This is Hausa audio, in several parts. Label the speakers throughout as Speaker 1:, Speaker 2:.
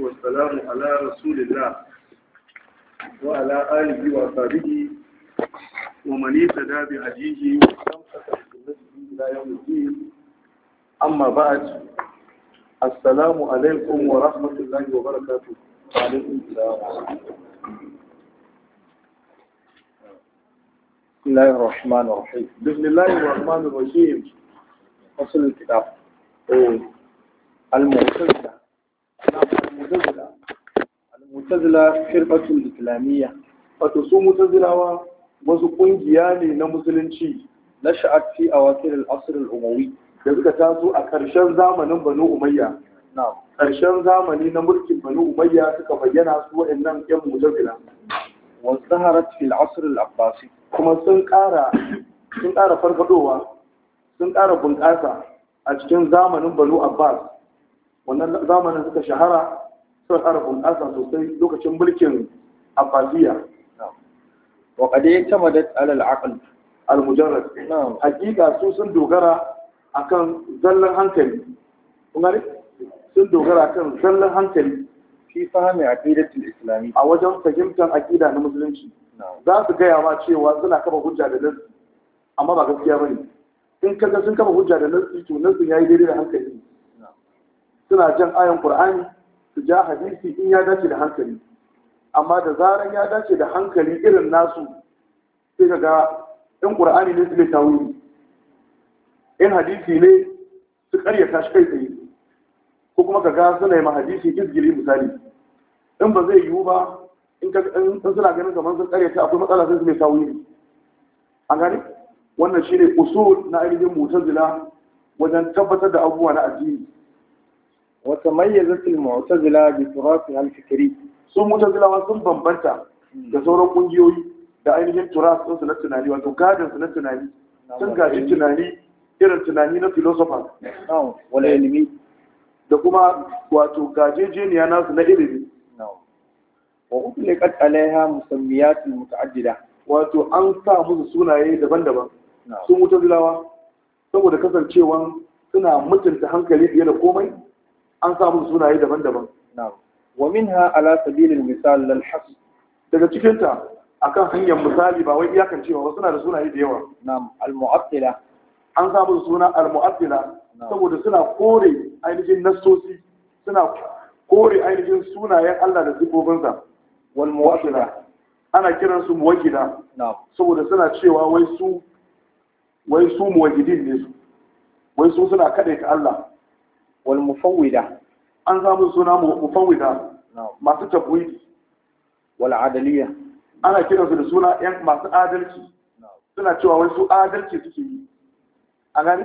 Speaker 1: والسلام على رسول الله وعلى آله وصحبه ومن اهتدى بهديه إلى يوم الدين
Speaker 2: أما بعد
Speaker 1: السلام عليكم ورحمة الله وبركاته وعليكم السلام
Speaker 2: بسم الله الرحمن الرحيم بسم
Speaker 1: الله الرحمن الرحيم فصل الكتاب المعتزلة al-mu'tazila al-mu'tazila firqatul islamiyya wato su mu'tazilawa wasu kungiya ne na musulunci na sha'ati a wakil al-asr al-umawi da suka taso a ƙarshen zamanin banu umayya na ƙarshen zamani na mulkin banu umayya suka bayyana su waɗannan yan mu'tazila wa zaharat fil asr al-abbasi kuma sun ƙara sun ƙara farfadowa sun ƙara bunƙasa a cikin zamanin banu abbas wannan zamanin suka shahara sun harafin asa sosai lokacin mulkin abbasiya wa ya ta madad alal aql al mujarrad hakika su sun dogara akan zallan hankali kun gane sun dogara akan zallan hankali fi fahimi aqidatul islami a wajen fahimtar aqida na musulunci za su gaya ma cewa suna kafa hujja da nasu amma ba gaskiya bane in kaga sun kafa hujja da nasu to nasu yayi daidai da hankali suna jan ayan qur'ani su ja hadisi in ya dace da hankali amma da zaran ya dace da hankali irin nasu sai ka ga in qur'ani ne su ne tawili in hadisi ne su karyata shi kai tsaye ko kuma ka ga suna yi ma hadisi izgili misali in ba zai yiwu ba in suna ganin kamar sun karyata akwai matsala sai su ne tawili an gane wannan shine usul na ainihin mutazila wajen tabbatar da abubuwa na addini wata mayyazatul mu'tazila bi turasi al-fikri su mu'tazilawa sun bambanta da sauran kungiyoyi da ainihin turas din su na tunani wato gadin su na tunani sun gaji tunani irin tunani na philosopher wala ilimi da kuma wato gajejeniya nasu na ilimi wa utliqat alaiha musammiyat muta'addida wato an sa musu sunaye daban-daban sun wuta mu'tazilawa saboda kasancewan suna mutunta hankali fiye da komai an samu sunaye daban-daban wa minha ala sabilil misal lal daga cikinta a kan hanyar misali ba wai iyakan cewa suna da sunaye da yawa na'am al mu'attila an samu suna al mu'attila saboda suna kore ainihin nasosi suna kore ainihin sunayen Allah da sifofinsa wal muwakkila ana kiran su muwakkila saboda suna cewa wai su wai su muwakkidin ne su wai su suna kadaita Allah wal mufawwida an samu suna mufawwida masu tabwidi wal adaliyya. ana kiransu da suna yan masu adalci suna cewa wai su adalci suke yi a gani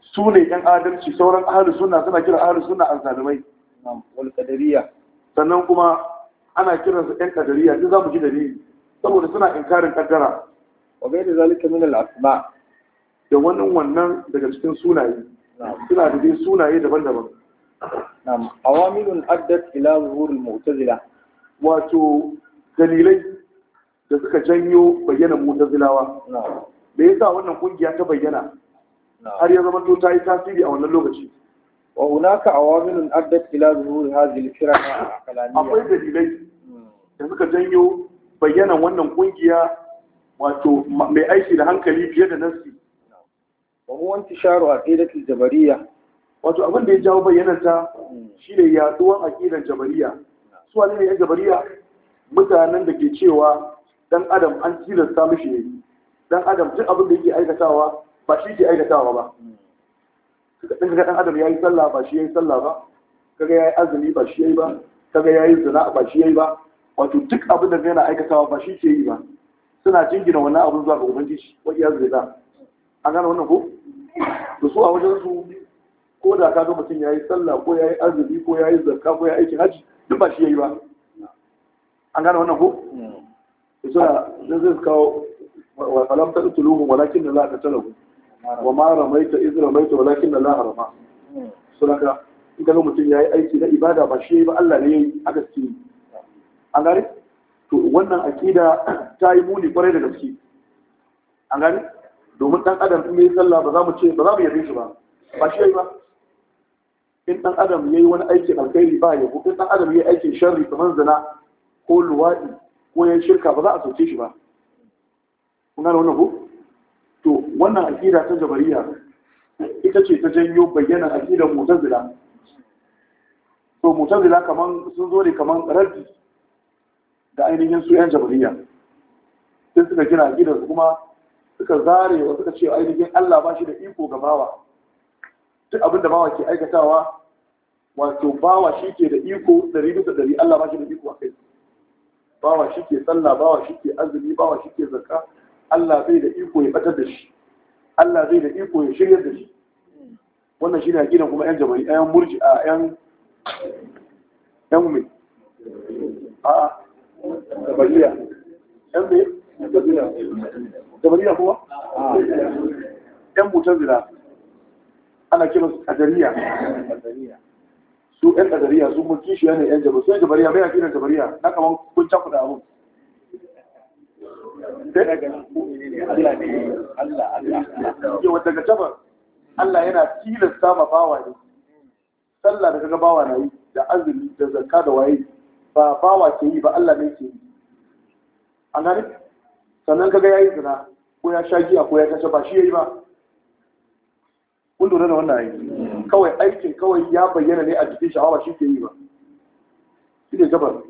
Speaker 1: su ne yan adalci sauran ahli sunna suna kira ahli sunna azzalimai wal qadariya sannan kuma ana kiransu yan qadariya duk zamu ji dalili saboda suna inkarin kaddara wa bai da zalika min al asma da wannan wannan daga cikin sunaye suna da dai sunaye daban-daban na'am awamilun addat ila zuhurul mu'tazila wato dalilai da suka janyo bayyana mu'tazilawa me yasa wannan kungiya ta bayyana har ya zama to ta yi tasiri a wannan lokaci wa hunaka awamilun addat ila zuhur hadhihi al-firqa akwai dalilai hmm. da suka janyo bayyana wannan kungiya wato mai aiki da hankali fiye da nasi wa huwa intisharu ke jamariya wato abin da ya jawo bayyana ta shine yaduwan aqidar jamariya su wani ne yan jamariya mutanen da ke cewa dan adam an tilasta mishi ne dan adam duk abin da yake aikatawa ba shi ke aikatawa ba kaga dan adam yayi sallah ba shi yayi sallah ba kaga yayi azumi ba shi yayi ba kaga yayi zina ba shi yayi ba wato duk abin da yana aikatawa ba shi ke yi ba suna jingina wannan abin zuwa ga ubangiji wa iyaz billah an gane wannan ko da su a wajen su ko da ka ga mutum ya yi sallah ko ya yi azumi ko ya yi zakka ko ya yi aikin hajji duk ba shi ya yi ba an gane wannan ko da suna da zai kawo walam ta tuluhum walakin da za ka talahu wa ma ramaita iz ramaita walakin da la rama suna ka in ga mutum ya yi aiki na ibada ba shi ya yi ba Allah ne ya yi aka ce an gane to wannan akida ta yi muni kwarai da gaske an gane domin ɗan adam in yi sallah ba za mu ce ba za mu yabe shi ba ba shi ba in ɗan adam ya yi wani aikin alkhairi ba ya in ɗan adam ya yi aikin sharri kamar zina ko luwaɗi ko ya shirka ba za a sauke shi ba kuna da wannan ko to wannan aƙida ta jabariya ita ce ta janyo bayyana aƙidar mutazila to mutazila kaman sun zo ne kaman raddi ga ainihin su 'yan jabariya sai suka gina aƙidar kuma suka zare wa suka ce ainihin Allah ba shi da iko ga bawa duk abin da bawa ke aikatawa wato bawa shi ke da iko ɗari bisa ɗari Allah ba shi da iko a kai bawa shi ke sallah bawa shi ke azumi bawa shi ke zakka Allah zai da iko ya batar da shi Allah zai da iko ya shirya da shi wannan shi ne a gidan kuma 'yan jamani 'yan murji a 'yan
Speaker 2: 'yan mai a a 'yan mai jabariya kuwa
Speaker 1: yan mutazila ana kira su kadariya su yan kadariya su mun kishi yana yan jabariya sai jabariya mai akiran jabariya na kaman kun da abun eh? yawa daga jabar Allah yana tilasta ma bawa ne sallah da kaga bawa na yi da azumi da zakka da waye ba bawa ke yi ba Allah ne ke yi an gane sannan kaga ya yi zina ko ya sha giya ko ya kashe ba shi ya yi ba kun lura da wannan aiki kawai aikin kawai ya bayyana ne a jikin sha'awa shi ke yi ba shi ne gabar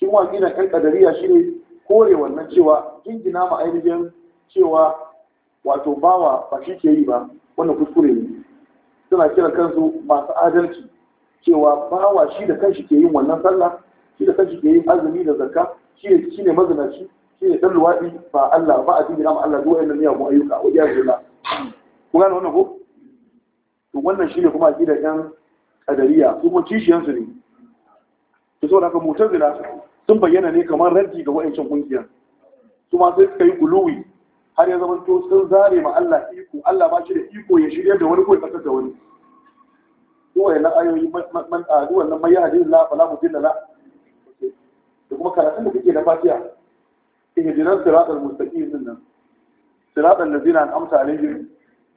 Speaker 1: shi wa gina ɗan ƙadariya shi ne kore wannan cewa jingina ma ainihin cewa wato bawa ba shi ke yi ba wannan kuskure ne suna kira kansu masu adalci cewa bawa shi da kanshi ke yin wannan sallah shi da kanshi ke yin azumi da zakka shi ne mazinaci shi ne dan luwaɗi ba Allah ba a jingina ma Allah duk wa'annan miyagun ayyuka wa iya zula ku gane wannan ko to wannan shi kuma a gidan yan kadariya su kuma kishiyansu ne to saboda haka mutazila sun bayyana ne kamar raddi ga wa'ancan kungiyar su ma sai suka yi guluwi har ya zama to sun zare ma Allah iko Allah ba shi da iko ya shirya da wani ko ya fatar da wani ya na ayoyi man a nan mai yahadin la fala mudilla la da kuma karatun da kake na fatiha ihdinas siratal mustaqim din nan siratal ladina an'amta alaihim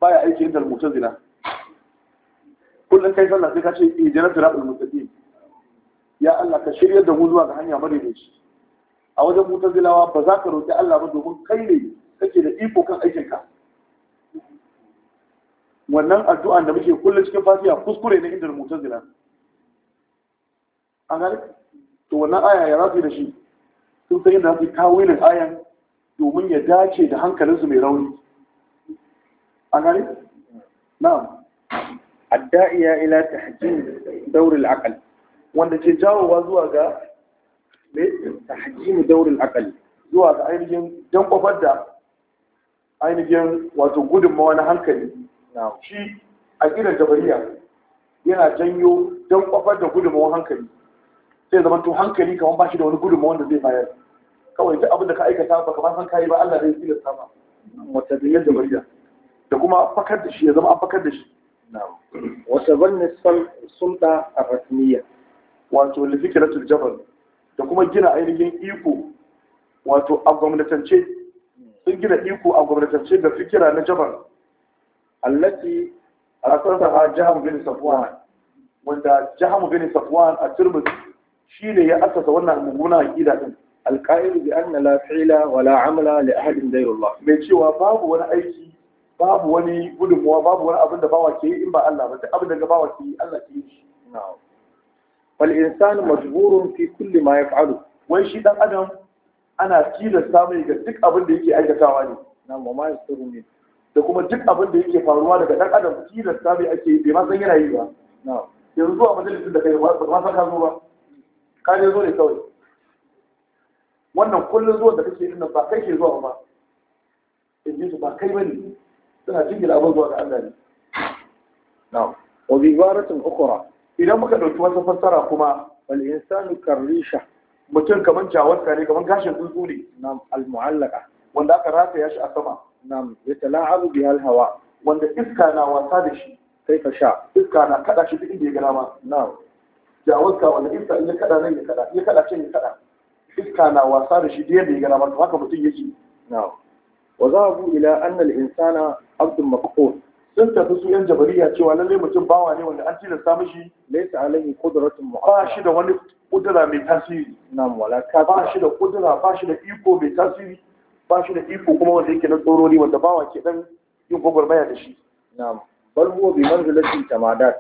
Speaker 1: baya aiki inda al-mu'tazila kullun kai sallah sai ka ce ihdinas siratal mustaqim ya Allah ka shirya da mu zuwa ga hanya shi a wajen mutazilawa ba za ka roƙi Allah ba domin kai ne kake da iko kan aikinka wannan addu'a da muke kullum cikin fatiha kuskure ne inda mutazila an ga to wannan aya ya rafi da shi sun sai yadda su kawo yin ayan domin ya dace da hankalinsu mai rauni A gani na adda'iya ila tahjim daurin akali wanda ke jawowa zuwa ga tahjim daurin akali zuwa ga ainihin dan kofar da ainihin wato gudunmawa na hankali shi a gidan jabariya yana janyo dan kofar da gudunmawa hankali sai zama to hankali kamar bashi da wani gudunmawa wanda zai bayar kawai duk abin da ka aikata baka ba san kayi ba Allah zai tilasta ba. wata da yadda bariya da kuma fakar da shi ya zama an fakar da shi wata banne sulta a rasmiya wato lifikiratul jabal da kuma gina ainihin iko wato a gwamnatance sun gina iko a gwamnatance da fikira na jabal allati a kasar ha jahamu bin safwan wanda jahamu bin safwan a turmuzi shi ne ya asasa wannan mummunan aqida ɗin. alqa'il bi anna la fi'la wa la amala li ahadin ghayrullah mai cewa babu wani aiki babu wani gudunmuwa babu wani abin da bawa ke yi in ba Allah ba abin da bawa ke yi Allah ke yi shi fal insanu majburun fi kulli ma yaf'alu wai shi dan adam ana tilasta mai ga duk abin da yake aikatawa ne na ma yasiru ne da kuma duk abin da yake faruwa daga dan adam tilasta mai ake yi bai ma san yana yi ba yanzu zuwa majalisin da kai ba ma san ka zo ba ka ne zo ne kawai wannan kullum zuwan da kake yi nan ba kai ke zuwa ba in ji su ba kai bane suna cikin abin zuwa ga Allah ne na'am wa bi ibaratin ukhra idan muka dauki wata fassara kuma wal insanu karisha mutum kaman jawarka ne kaman gashin tsuntsu ne na'am al mu'allaka wanda aka rataya shi a sama na'am yatala'abu bi al hawa wanda iska na wasa da shi sai ka sha iska na kada shi duk inda ya gana na'am jawarka wanda iska in ya kada nan ya kada ya kada can ya kada iska na wasa da shi da yadda ya gana masa haka mutum yake na'am wa zahabu ila anna al-insana abdun maqhur sun tafi su yan jabariya cewa lallai mutum bawa ne wanda an tilasta mishi laysa alayhi qudratun mu'akkada ba shi da wani kudura mai tasiri na'am wala ka ba shi da kudura ba shi da iko mai tasiri ba shi da iko kuma wanda yake na tsorori wanda bawa ke dan yin gwagwarmaya da shi na'am bal huwa bi manzilatin tamadat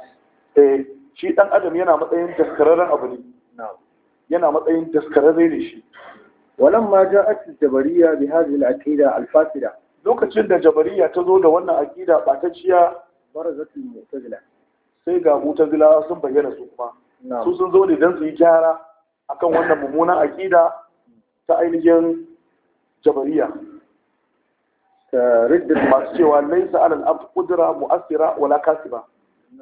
Speaker 1: eh shi ɗan adam yana matsayin daskararren abu ne yana matsayin daskararren ne shi walan ma ake jabariya bi hadhihi aqida alfasida lokacin da jabariya ta zo da wannan aqida batacciya barazatul mu'tazila sai ga mu'tazila sun bayyana su kuma su sun zo ne dan su yi gyara akan wannan mummunan aqida ta ainihin jabariya ta riddin masu cewa laisa alal abd qudra mu'assira wala kasiba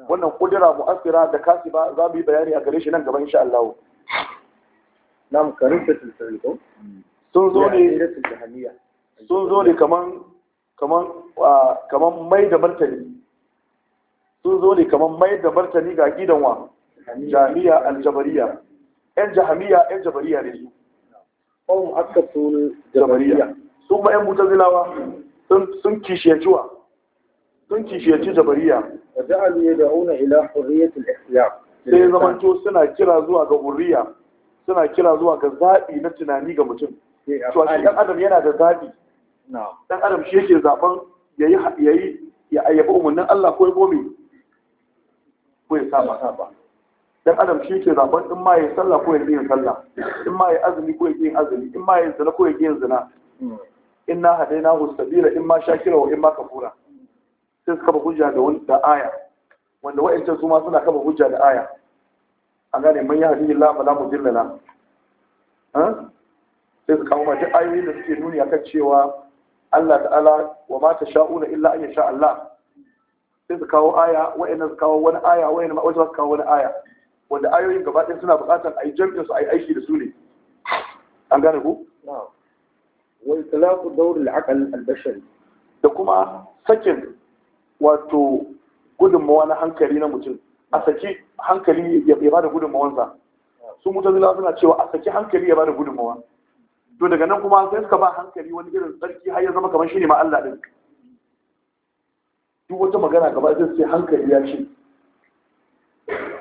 Speaker 1: wannan kudura mu'assira da kasi ba za mu yi bayani a gare shi nan gaban insha Allah nam karifatul ko? sun zo ne sun zo ne kaman kaman kaman mai da martani sun zo ne kaman mai da martani ga gidan wa jami'a aljabariya yan jahamiya yan jabariya ne su aka akatul jabariya su ma mutazilawa sun sun kishiyaciwa sun kishiyaci jabariya
Speaker 2: وجعلوا يدعون الى حريه الاختيار sai zamanto
Speaker 1: suna kira zuwa ga hurriya suna kira zuwa ga zaɓi na tunani ga mutum to eh, a ɗan adam yana da zaɓi ɗan adam shi yake zaɓen ya yi ya ayyafa umarnin Allah ko ya me ko ya saba saba dan adam shi ke zaben in ma ya sallah ko ya yin sallah in ma ya azumi ko ya yin azumi in ma ya zina ko ya yin zina hmm. inna hadaina hu sabila in ma shakira wa in ma kafura sai suka kafa hujja da wani da aya wanda wa'ancan su ma suna kafa hujja da aya A gane man ya hadin Allah fala mudilla la sai su kawo ma duk ayoyin da suke nuni akan cewa Allah ta'ala wa ma tasha'una illa an yasha Allah sai su kawo aya wa'annan su kawo wani aya wa'annan wasu su kawo wani aya wanda ayoyin gaba ɗaya suna buƙatar a yi jam'in su a yi aiki da su ne an gane ku wa itlaqu dawr al-aql al-bashari da kuma sakin wato gudunmawa na hankali na mutum a saki hankali ya bada gudunmawansa su mutazila suna cewa a saki hankali ya bada gudunmawa to daga nan kuma sai suka ba hankali wani irin tsarki har ya zama kamar shi ne ma Allah din duk wata magana gaba zai sai hankali ya ce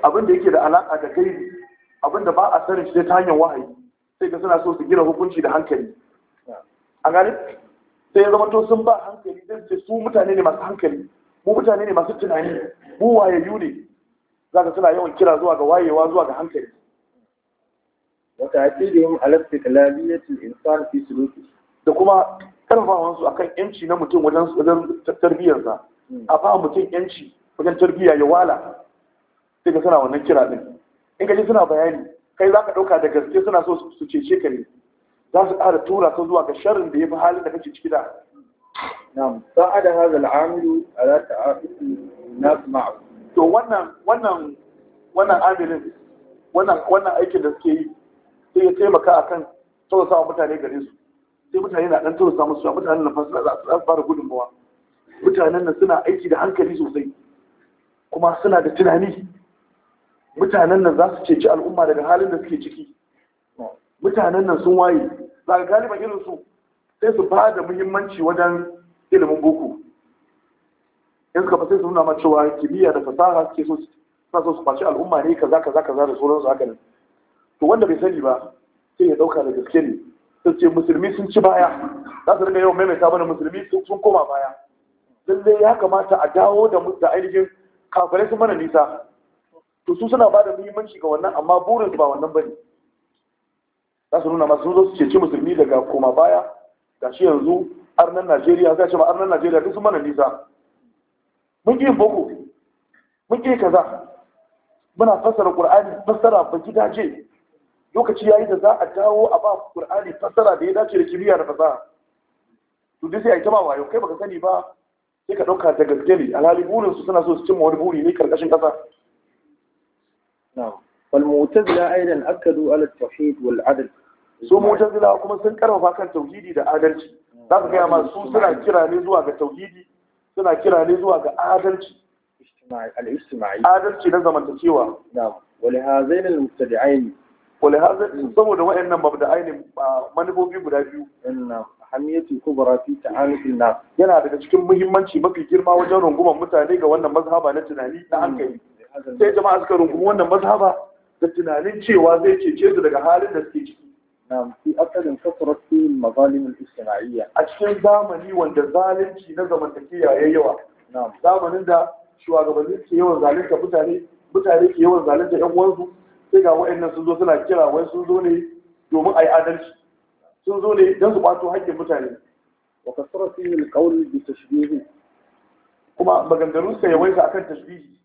Speaker 1: abin da yake da alaƙa da gaibi abin da ba a sanin shi ta hanyar wahayi sai ka suna so su gina hukunci da hankali a gani sai ya zama to sun ba hankali zai ce su mutane ne masu hankali mu mutane ne masu tunani mu wayayyu ne za ka suna yawan kira zuwa ga wayewa zuwa ga hankali
Speaker 2: wata aƙidin alaƙa kalaliyatul
Speaker 1: insan fi suluki da kuma karfafawan su akan yanci na mutum wajen wajen tarbiyyarsa hmm. a fa mutum yanci wajen tarbiyya ya wala sai ka suna wannan kira din in ka ji suna bayani kai za ka ɗauka da gaske suna so su cece ka ne za su ƙara tura ka zuwa ga sharrin da ya fi halin da kake ciki da نعم ساعد هذا العامل على تعاطف الناس معه to wannan wannan wannan amilin wannan wannan aikin da suke yi sai ya taimaka akan tausasa wa mutane gare su sai mutane na dan tausasa musu mutanen na fasala za su fara gudunmawa mutanen nan suna aiki da hankali sosai kuma suna da tunani mutanen nan za su ceci al'umma daga halin da suke ciki mutanen nan sun waye za ga galiban irin su sai su ba da muhimmanci wajen ilimin boko yanzu ka sai su nuna ma cewa kimiyya da fasaha suke so suna so su kwaci al'umma ne kaza kaza kaza da sauransu haka nan to wanda bai sani ba sai ya dauka da gaske ne sai ce musulmi sun ci baya za su riga yawan maimaita mana musulmi sun koma baya lallai ya kamata a dawo da ainihin kafirai sun mana nisa to su suna ba da muhimmanci ga wannan amma burinsu ba wannan bane za su nuna masu zo su ceci musulmi daga koma baya gashi yanzu arnan najeriya za ce ma arnan najeriya duk sun mana nisa mun ƙi boko mun ƙi kaza muna fassara ƙur'ani fassara ba gidaje lokaci yayi da za a dawo a ba ƙur'ani fassara da ya dace da kimiyya da fasaha to dai sai a kama wayo kai baka sani ba sai ka ɗauka da gaske ne alhali burin su suna so su cimma wani buri ne karkashin ƙasa na'am wal mu'tazila aidan akadu ala tawhid wal adl su mutazila kuma sun karfafa kan tauhidi da adalci za ka gaya masu suna kira ne zuwa ga tauhidi suna kira ne zuwa ga adalci adalci na zamantakewa wale hazain al-mubtadi'ain wale hazain saboda wayannan mabda'ain manufofi guda biyu ahamiyatu kubra fi ta'anukin nas yana daga cikin muhimmanci mafi girma wajen rungumar mutane ga wannan mazhaba na tunani na hankali
Speaker 2: sai jama'a suka rungumi wannan
Speaker 1: mazhaba da tunanin cewa zai cece su daga halin da suke ciki نعم في أثر كثرت فيه المظالم الاجتماعية أشكال زامني وأن ظالم شيء نظم التكية يا يوا نعم زامن ده شو أقبل لك يوا mutane ke yawan zalunta yan sai ga wa'annan sun zo suna kira wai sun zo ne domin ai adalci sun zo ne don su ɓato haƙƙin mutane wa kasara fi yin qawl bi kuma maganganun sa akan tashbihi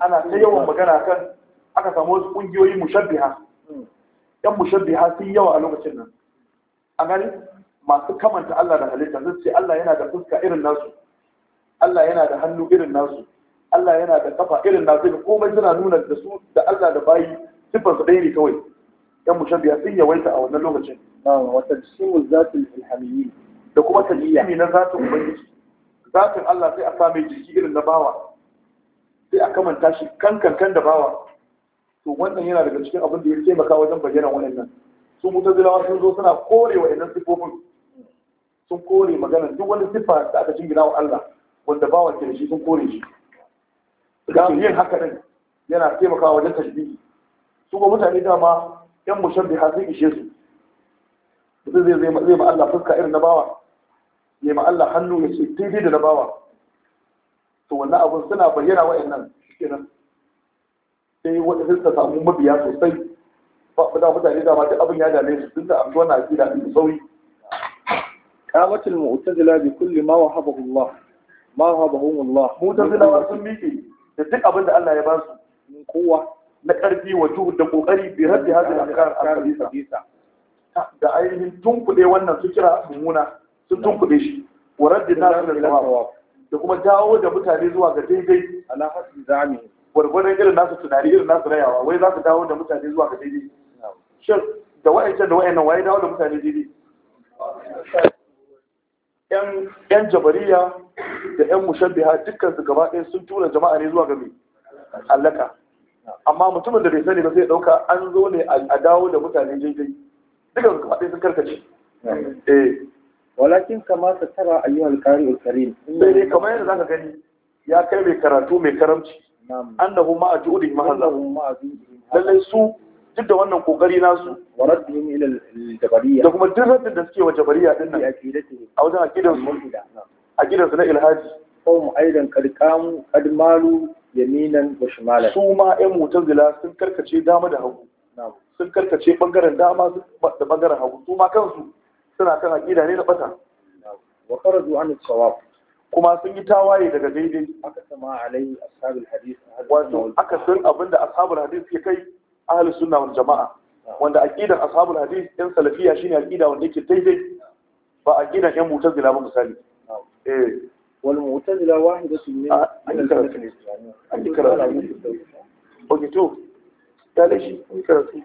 Speaker 2: ana ta yawan
Speaker 1: magana kan aka samu wasu ƙungiyoyi mushabbiha hmm. yan mushabbiha sun yawa a lokacin nan a gani masu kamanta Allah da halitta zai ce Allah yana da fuska irin nasu Allah yana da hannu irin nasu Allah yana da kafa irin nasu da komai suna nuna da su da Allah da bayi sifar su ɗaya ne kawai yan mushabbiha sun yawaita a wannan lokacin wa tajsimu zatul ilhamiyyi da kuma tajsimi na zatul ubangiji zatin Allah sai a same jiki irin na bawa sai a kamanta shi kan kankan da bawa to wannan yana daga cikin abin da ya taimaka wajen bayyana waɗannan su mutazilawa sun zo suna kore waɗannan sifofin sun kore magana. duk wani siffa da aka jingina wa Allah wanda bawan ke da shi sun kore shi ga yin haka din yana taimakawa wajen tashbihi su ga mutane dama yan mushabbiha sun ishe su mutum zai zai zai ma Allah fuska irin na bawa ya ma Allah hannu ya ce daidai da na bawa to wannan abun suna bayyana waɗannan kenan sai wanda sai suka samu mabiya sosai ba da mutane da mata abin ya dame su tun da amshi wannan aqida din sauri qamatul mu'tazila bi kulli ma wahabahu Allah ma wahabahu Allah mu'tazila sun miƙe da duk abin da Allah ya ba su min kowa na ƙarfi wa juhud da ƙoƙari bi rabbi hadhihi al-afkar al-khabisa da ainihin kuɗe wannan su kira mummuna sun kuɗe shi wa raddi nasu da kuma dawo da mutane zuwa ga daidai ala hasbi zamihim gwargwadon irin nasu tunani irin nasu rayawa wai za su dawo da mutane zuwa ga daidai shin da wa'ancan da wa'annan waye dawo da mutane daidai yan jabariya da yan mushabbiha dukkan su gaba ɗaya sun tura jama'a ne zuwa ga mai allaka amma mutumin da bai sani ba sai ɗauka an zo ne a dawo da mutane daidai dukkan su gaba ɗaya sun karkace eh.
Speaker 2: walakin kamata tara ayyuhal karim sai dai kamar
Speaker 1: yadda zaka gani ya kai mai karatu mai karamci annahu ma'a ju'udin lallai su duk da wannan kokari nasu waraddin ila da kuma duk da suke wa jabariyya din nan a wajen aqidan su su na ilhaji qawm aidan qad qamu yaminan wa shimalan sun karkace dama da hagu sun karkace bangaren dama da bangaren hagu su ma kansu suna kan ne na bata wa an kuma sun yi tawaye daga daidai aka sama alai ashabul hadith wato aka san abinda ashabul hadith ke kai ahlus sunna wal jamaa wanda aqidar ashabul hadith ɗin salafiya shine aqida wanda yake daidai ba aqidar ɗin mu'tazila ba misali eh wal mu'tazila wahidatun min al-kalam al-islamiyya al-kalam oke to
Speaker 2: dale shi karatu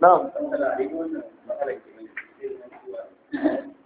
Speaker 2: na'am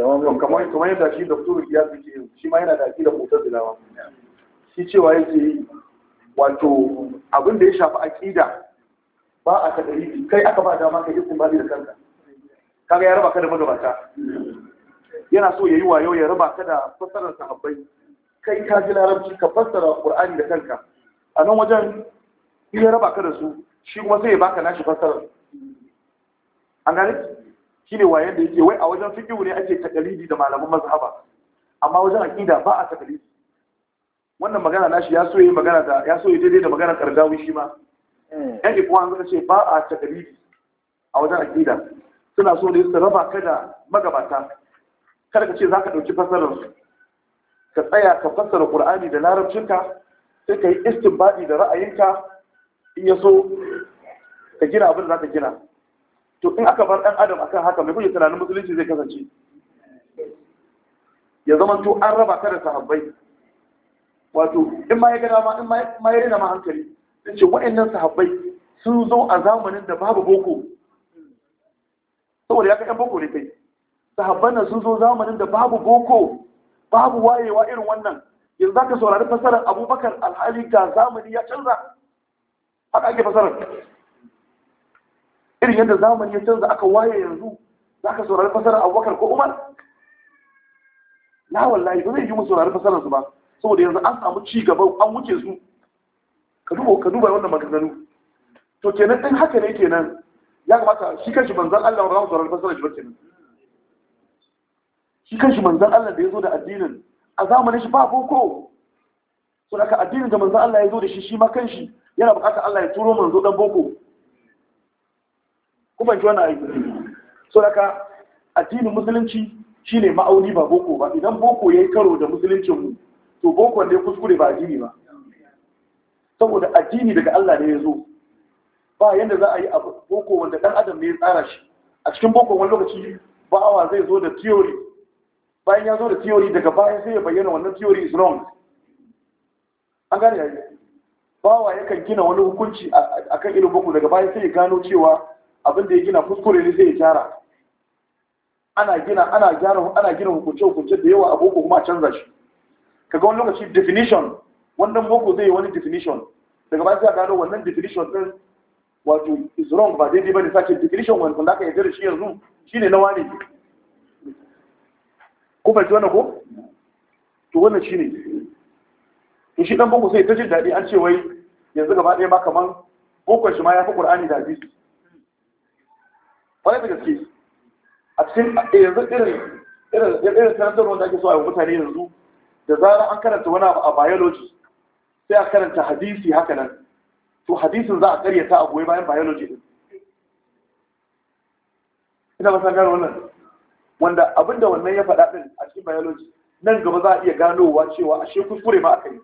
Speaker 1: kamar kamar yadda shi da fituru ya fice shi ma yana da aqida mu'tazilawa shi cewa yake wato abin da ya shafi aƙida ba a ka dari kai aka ba dama kai isin bani da kanka kaga ya raba ka da magabata yana so ya yayi wayo ya raba ka da fassarar sahabbai kai ka ji larabci ka fassara qur'ani da kanka a nan wajen ya raba ka da su shi kuma sai ya baka nashi fassarar an gane shine wayan da yake wai a wajen fiƙi ne ake takalidi da malaman mazhaba amma wajen aqida ba a takalidi wannan magana nashi ya so magana da ya so yi daidai da magana kardawi shi ma eh. yan ikwan suka ce ba a takalidi a wajen aqida suna so ne su raba ka da magabata kada ka ce za ka ɗauki fassarar ka tsaya ka fassara qur'ani da larabcinka sai ka yi istinbadi da ra'ayinka in ya so ka gina abin da za ka gina to in aka bar ɗan adam akan haka mai kuke tunanin musulunci zai kasance ya zama to an raba ka da sahabbai wato in ma ya gana ma in ma ya rina ma hankali in ce wa'annan sahabbai sun zo a zamanin da babu boko saboda ya kaɗan boko ne kai sahabban nan sun zo zamanin da babu boko babu wayewa irin wannan yanzu za ka saurari fasarar abubakar alhali ga zamani ya canza haka ake fasarar irin yadda zamani ya canza aka waye yanzu za ka saurari fasarar abubakar ko umar na wallahi ba zai yi mu saurari fasararsu su ba saboda yanzu an samu ci gaba an wuce su ka duba ka duba wannan maganganu to kenan din haka ne kenan ya kamata shi kanshi manzon Allah ba za mu saurari fasarar shi ba kenan shi kanshi manzon Allah da ya zo da addinin a zamanin shi ba boko so ka addinin da manzon Allah ya zo da shi shi ma kanshi yana buƙatar Allah ya turo manzo dan boko kuma ji wannan aiki so daga addinin musulunci shine ma'auni ba boko ba idan boko ya yi karo da musuluncin mu to boko ne kuskure ba addini ba saboda addini daga Allah ne ya zo ba yadda za a yi abu boko wanda dan adam ne ya tsara shi a cikin boko wani lokaci ba'awa zai zo da theory bayan ya zo da theory daga baya sai ya bayyana wannan theory is wrong an gane ya bawa yakan gina wani hukunci a kan irin boko daga baya sai ya gano cewa abin da ya gina kuskure ne zai gyara ana gina ana gyara ana gina hukunce hukunce da yawa a boko kuma a canza shi kaga wani lokaci definition wannan boko zai yi wani definition daga baya sai gano wannan definition din wato is wrong ba daidai ba ne sace definition wani wanda aka yarda da shi yanzu shine na wani ko ba wannan ko to wannan shine to shi dan boko sai ta jin daɗi an ce wai yanzu gaba ɗaya ma kaman bokon shi ma ya fi qur'ani da hadisi wani da gaske a cikin eh, yanzu irin irin karantarwar da ake so a yi mutane yanzu da zarar an karanta wani abu a biology sai a karanta hadisi haka nan to hadisin za a karyata a goyi bayan biology din ina masan gano wannan wanda abinda wannan ya faɗa din a cikin biology nan gaba za a iya ganowa cewa ashe kuskure ma aka yi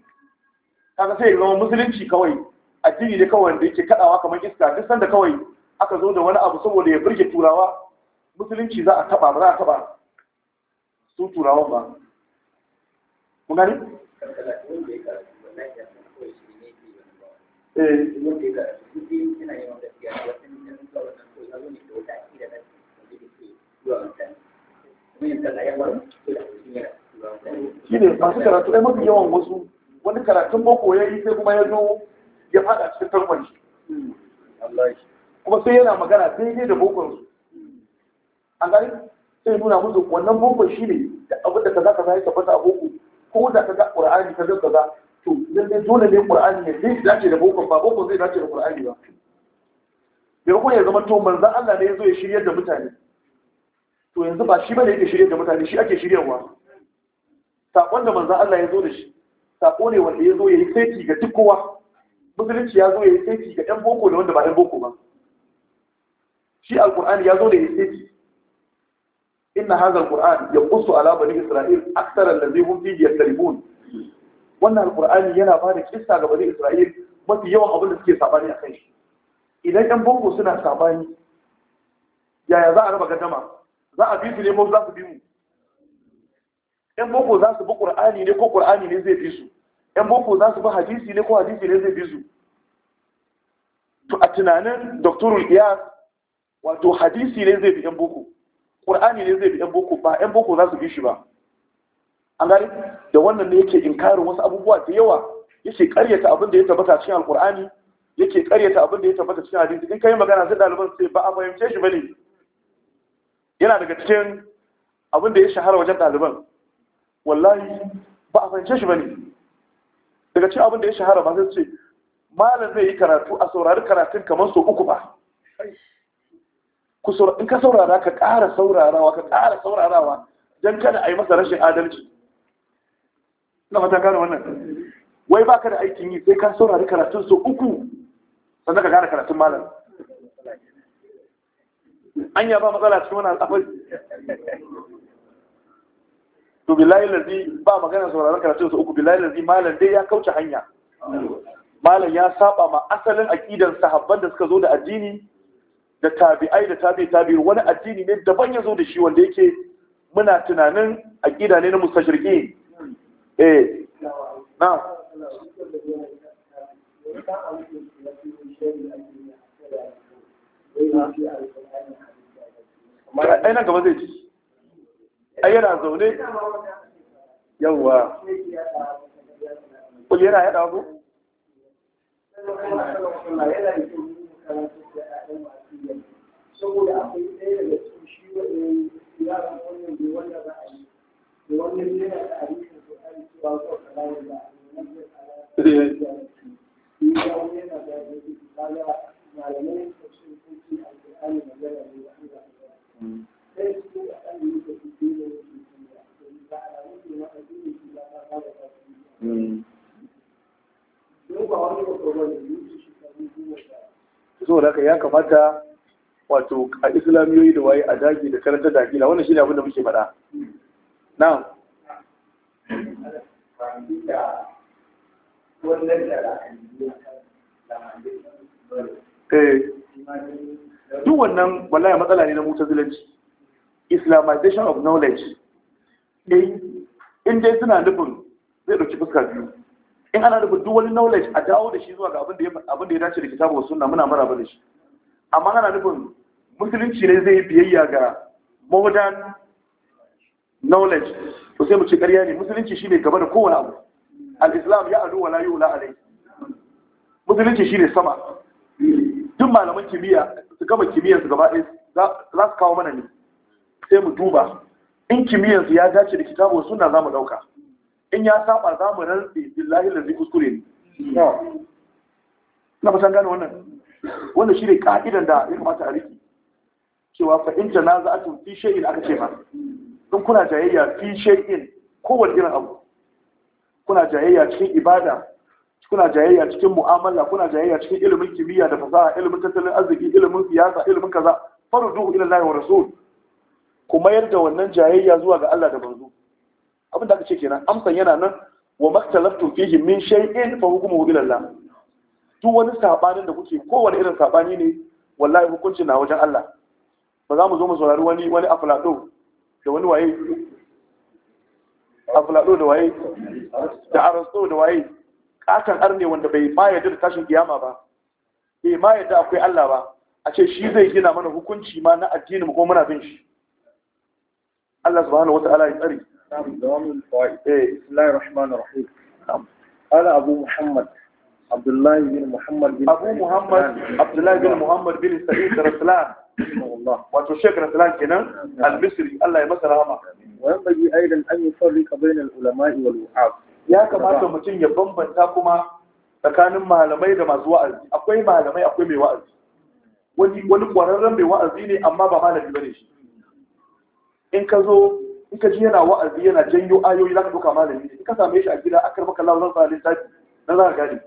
Speaker 1: kaga sai ya zama musulunci kawai addini ne kawai da yake kaɗawa kamar iska duk sanda kawai aka zo da wani abu saboda ya birge turawa musulunci za a taba ba za a taba su turawa ba
Speaker 2: kun gani eh. shi ne masu karatu ɗai mafi
Speaker 1: yawan wasu wani karatun boko ya yi sai kuma ya zo ya fada cikin tarwar shi hmm. kuma sai yana magana daidai da bokon su an gani sai nuna musu wannan bokon shi ne da abin da kaza kaza ya tabbata a boko ko da kaga qur'ani kaza kaza to lallai dole ne qur'ani ya zai dace da bokon ba bokon zai dace da qur'ani ba yau ya zama to manzan Allah ne ya zo ya shiryar da mutane to yanzu ba shi bane yake shiryar da mutane shi ake shiryarwa sakon da manzan Allah ya zo da shi sako ne wanda ya zo ya yi saiti ga duk kowa musulunci ya zo ya yi saiti ga ɗan boko da wanda ba ɗan boko ba shi alqur'ani ya zo da yace inna hadha alqur'an yaqussu ala bani isra'il akthar allazi hum fihi yastalibun wannan alqur'ani yana ba da kissa ga bani isra'il mafi yawan abin da suke sabani akan shi idan ɗan boko suna sabani yaya za a raba gadama za a bi su ne mu za su bi mu ɗan boko za su bi ƙur'ani ne ko ƙur'ani ne zai bi su ɗan boko za su bi hadisi ne ko hadisi ne zai bi su to a tunanin doktorul iyas wato hadisi ne zai bi yan boko ƙur'ani ne zai bi yan boko ba yan boko za su bi shi ba an gani da wannan ne yake inkarin wasu abubuwa da yawa yake karyata abin da ya tabbata cikin alƙur'ani yake karyata abin da ya tabbata cikin hadisi in kai magana sai ɗaliban sai ba a fahimce shi ba ne. yana daga cikin abin da ya shahara wajen ɗaliban wallahi ba a fahimce shi ba ne. daga cikin abin da ya shahara ba sai ce malam zai yi karatu a saurari karatun kamar so uku ba in ka saurara ka ƙara saurarawa ka ƙara saurarawa don kada a yi masa rashin adalci na fata gane wannan wai ba ka da aikin yi sai ka saurari karatun so uku sannan ka gane karatun malam an ba matsala cikin wani al'afari to bilayi lardi ba magana sauraron karatun so uku bilayi lardi malam dai ya kauce hanya malam ya saba ma asalin aƙidan sahabban da suka zo da addini da tabi'ai da tabi tabi wani addini ne daban ya zo da shi wanda yake muna tunanin a aqida ne na mustashriki eh na ai gaba zai ci ai yana zaune yawwa kul yana yada ku
Speaker 2: biyar saboda akwai ɗaya daga cikin shi waɗannan yaran wannan bai wannan ra'ayi da wannan yana da ayyukan su a cewa ko kaza da wannan zai kaza eh. ni wani yana da yake kaga malamai da su kuci alƙur'ani magana ne da Allah hmm. sai su a kan yi da su ke da da alamun da na addini da ta kaga ta su
Speaker 1: don ba wani ba ko wani ne su shi ka yi da ya kamata wato a islamiyoyi da waye a dage da karanta da akida wannan shine abin da muke faɗa na'am eh. duk wannan wallahi matsala ne na mutazilanci islamization of knowledge eh in dai suna nufin zai ɗauki fuska biyu in ana nufin duk wani knowledge a dawo da shi zuwa ga abin da ya dace da kitabu wa sunna muna maraba da shi amma ana nufin musulunci ne zai biyayya ga modern knowledge to sai mu ce ƙarya ne musulunci shi ne gaba da kowane abu al-islam ya alu wala yula alai musulunci shi ne sama duk malaman kimiyya su gama kimiyyar su gaba ɗaya za su kawo mana ne sai mu duba in kimiyyar su ya dace da kitabu suna za mu ɗauka in ya saba za mu rantsi billahi lalzi kuskure ne na fasan gane wannan wannan shi ne ka'idan da ya kamata a riki cewa fa'in na za a tun fi shayin aka ce ma don kuna jayayya fi shayin kowane irin abu kuna jayayya cikin ibada kuna jayayya cikin mu'amala kuna jayayya cikin ilimin kimiyya da fasaha ilimin tattalin arziki ilimin siyasa ilimin kaza Faru duhu ila Allah wa rasul ku mayar da wannan jayayya zuwa ga Allah da manzo abin da aka ce kenan amsan yana nan wa maktalaftu fihi min shay'in fa hukmuhu ila Allah duk wani sabanin da kuke kowane irin sabani ne wallahi hukunci na wajen Allah ba za mu zo mu saurari wani wani aflado da wani waye aflado da waye da arasto da waye kasan arne wanda bai ma yadda da tashin kiyama ba bai ma yadda akwai Allah ba a ce shi zai gina mana hukunci ma na addini mu ko muna bin shi Allah subhanahu wata'ala ya tsare Na'am, da wani fa'i. Eh, Bismillahir Rahmanir Rahim. Na'am. Ala Abu Muhammad عبد الله بن محمد بن أبو محمد عبد الله kenan al بن سعيد رسلان وتشيك رسلان كنا المصري tsakanin malamai da masu wa'azi akwai malamai akwai mai wa'azi wani wani kwararren mai wa'azi ne amma ba malami bane shi in ka zo in ka ji yana wa'azi yana janyo ayoyi zaka duka malami ne in ka same shi a gida akar maka lawan zan sa littafi na za gane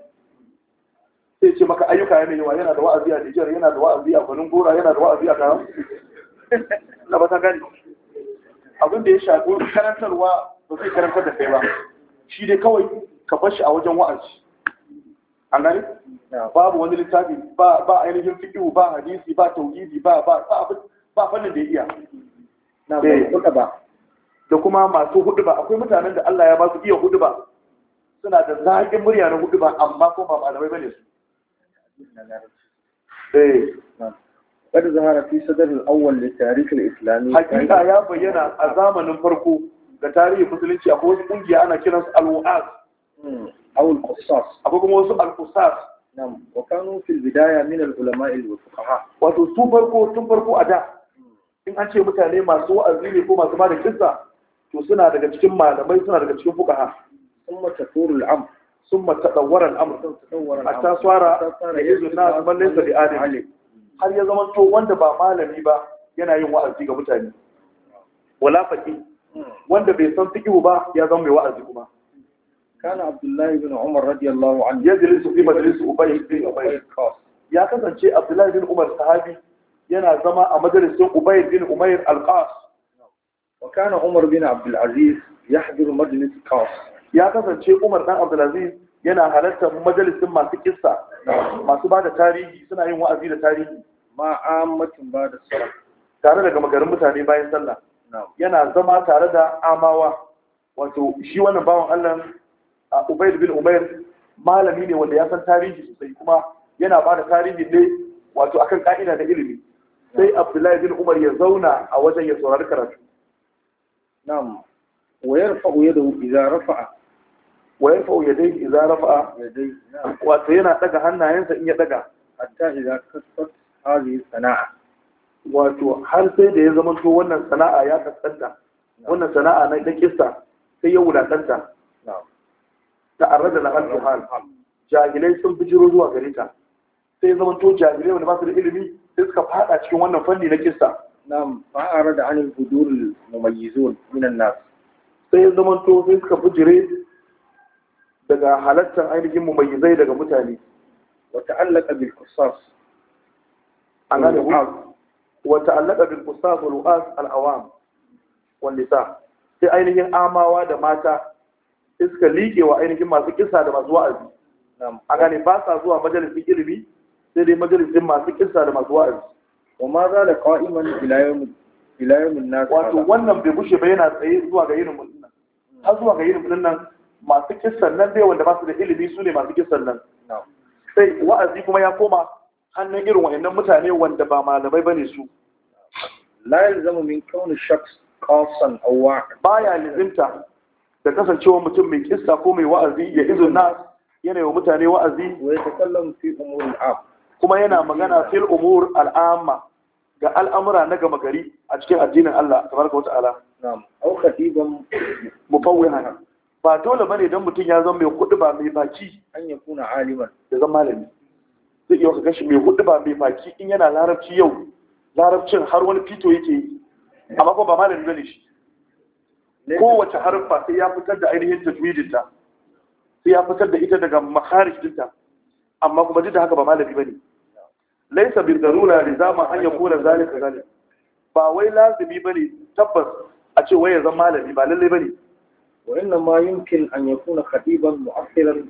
Speaker 1: sai ce maka ayyuka yana yawa yana da wa'azi a Nijar yana da wa'azi a Gwanin Gora yana da wa'azi a Karam na ba ta gani abin da ya shafi karantarwa ba zai karantar da kai ba shi dai kawai ka bar shi a wajen wa'azi an gani babu wani littafi ba ba ainihin fiqh ba hadisi ba tauhidi ba ba ba fannin da ya iya na ba eh. da kuma masu ba akwai mutanen da Allah ya ba su iya ba suna da zaƙin murya na ba amma ko ba malamai bane su
Speaker 2: قد ظهر في صدر الأول للتاريخ الإسلامي ya
Speaker 1: bayyana a zamanin farko ga tarihin musulunci akwai wasu kungiya ana kiran su al-wa'az hmm. aw al-qussas akwai kuma wasu al-qussas wa kanu fil bidaya min al-ulama al wato su farko tun farko a da in an ce mutane masu wa'azi ne ko masu bada kissa to suna daga cikin malamai suna daga cikin fuqaha kuma tafurul amr ثم تدور الامر حتى صار يجوز الناس من ليس بعالم har ya zama to wanda ba malami ba yana yin wa'azi ga mutane wala faqi wanda bai san fiqh ba ya zama mai wa'azi kuma kana abdullahi ibn umar radiyallahu anhu yajlisu fi majlis ubay ibn ubay ya kasance abdullahi ibn umar sahabi yana zama a majalisin ubay ibn umayr al-qas wa kana umar bin abdul aziz yahduru majlis qas ya kasance Umar dan Abdulaziz yana halartar majalisin masu kissa masu ba da tarihi suna yin wa'azi da tarihi ma'ammatin ba da tsara. tare daga magarin mutane bayan sallah yana zama tare da amawa wato shi wannan bawan Allah Ubaid bin Umar? malami ne wanda ya san tarihi sosai kuma yana ba da tarihi ne wato akan ka'ida da ilimi sai Abdullahi bin Umar ya zauna a wajen ya saurari karatu na'am wa da yadahu idza rafa'a wa yarfa yadayhi idza rafa yadayhi wato yana daga hannayensa in ya daga hatta idza kasfat hadhihi sana'a wato har sai da ya zama to wannan sana'a ya kasanta wannan sana'a na da kissa sai ya wulakanta ta arada na halku hal jahilai sun bijiro zuwa gare ta sai zama to jahilai wanda ba su da ilimi sai suka fada cikin wannan fanni na kissa na'am fa arada anil budul
Speaker 2: mumayyizun minan nas
Speaker 1: sai zama to sai suka bijire daga halattar ainihin mumayyizai daga mutane Wata ta'allaka bil qisas an gane ku wa ta'allaka bil qisas wal ru'as al awam wal nisa sai ainihin amawa da mata iska liƙe wa ainihin masu kisa da masu wa'azi a gane ba sa zuwa majalisin ilimi sai dai majalisin masu kisa da masu wa'azi wa ma za da qa'iman ila yawmin ila yawmin nas wato wannan bai bushe ba yana tsaye zuwa ga yinin mutum har zuwa ga yinin mutum nan masu kisan nan dai wanda ba da ilimi su ne masu kisan nan sai wa'azi kuma ya koma hannun irin wa'annan mutane wanda ba malamai ba ne su Layar zama min kauni shaks qasan awa. baya lazimta da kasancewar mutum mai kisa ko mai wa'azi ya izin na yana yi mutane wa'azi wa kallon fi umur al'am kuma yana magana fil umur al'amma ga al'amura na gama gari a cikin addinin Allah tabaraka wa ta'ala na'am aw khatiban mufawwihan ba dole bane don mutum ya zama mai hudu ba mai baki an ya kuna aliman ya zama malami zai iya ka gashi mai hudu ba mai baki in yana larabci yau larabcin har wani fito yake yi amma kuma ba malami bane shi kowace harfa sai ya fitar da ainihin tajwidinta sai ya fitar da ita daga makarikinta amma kuma duk da haka ba malami bane laysa bil darura zama an yakuna zalika zalika ba wai lazimi bane tabbas a ce wai ya zama malami ba lallai bane
Speaker 2: وإنما يمكن أن يكون خطيبا
Speaker 1: مؤثرا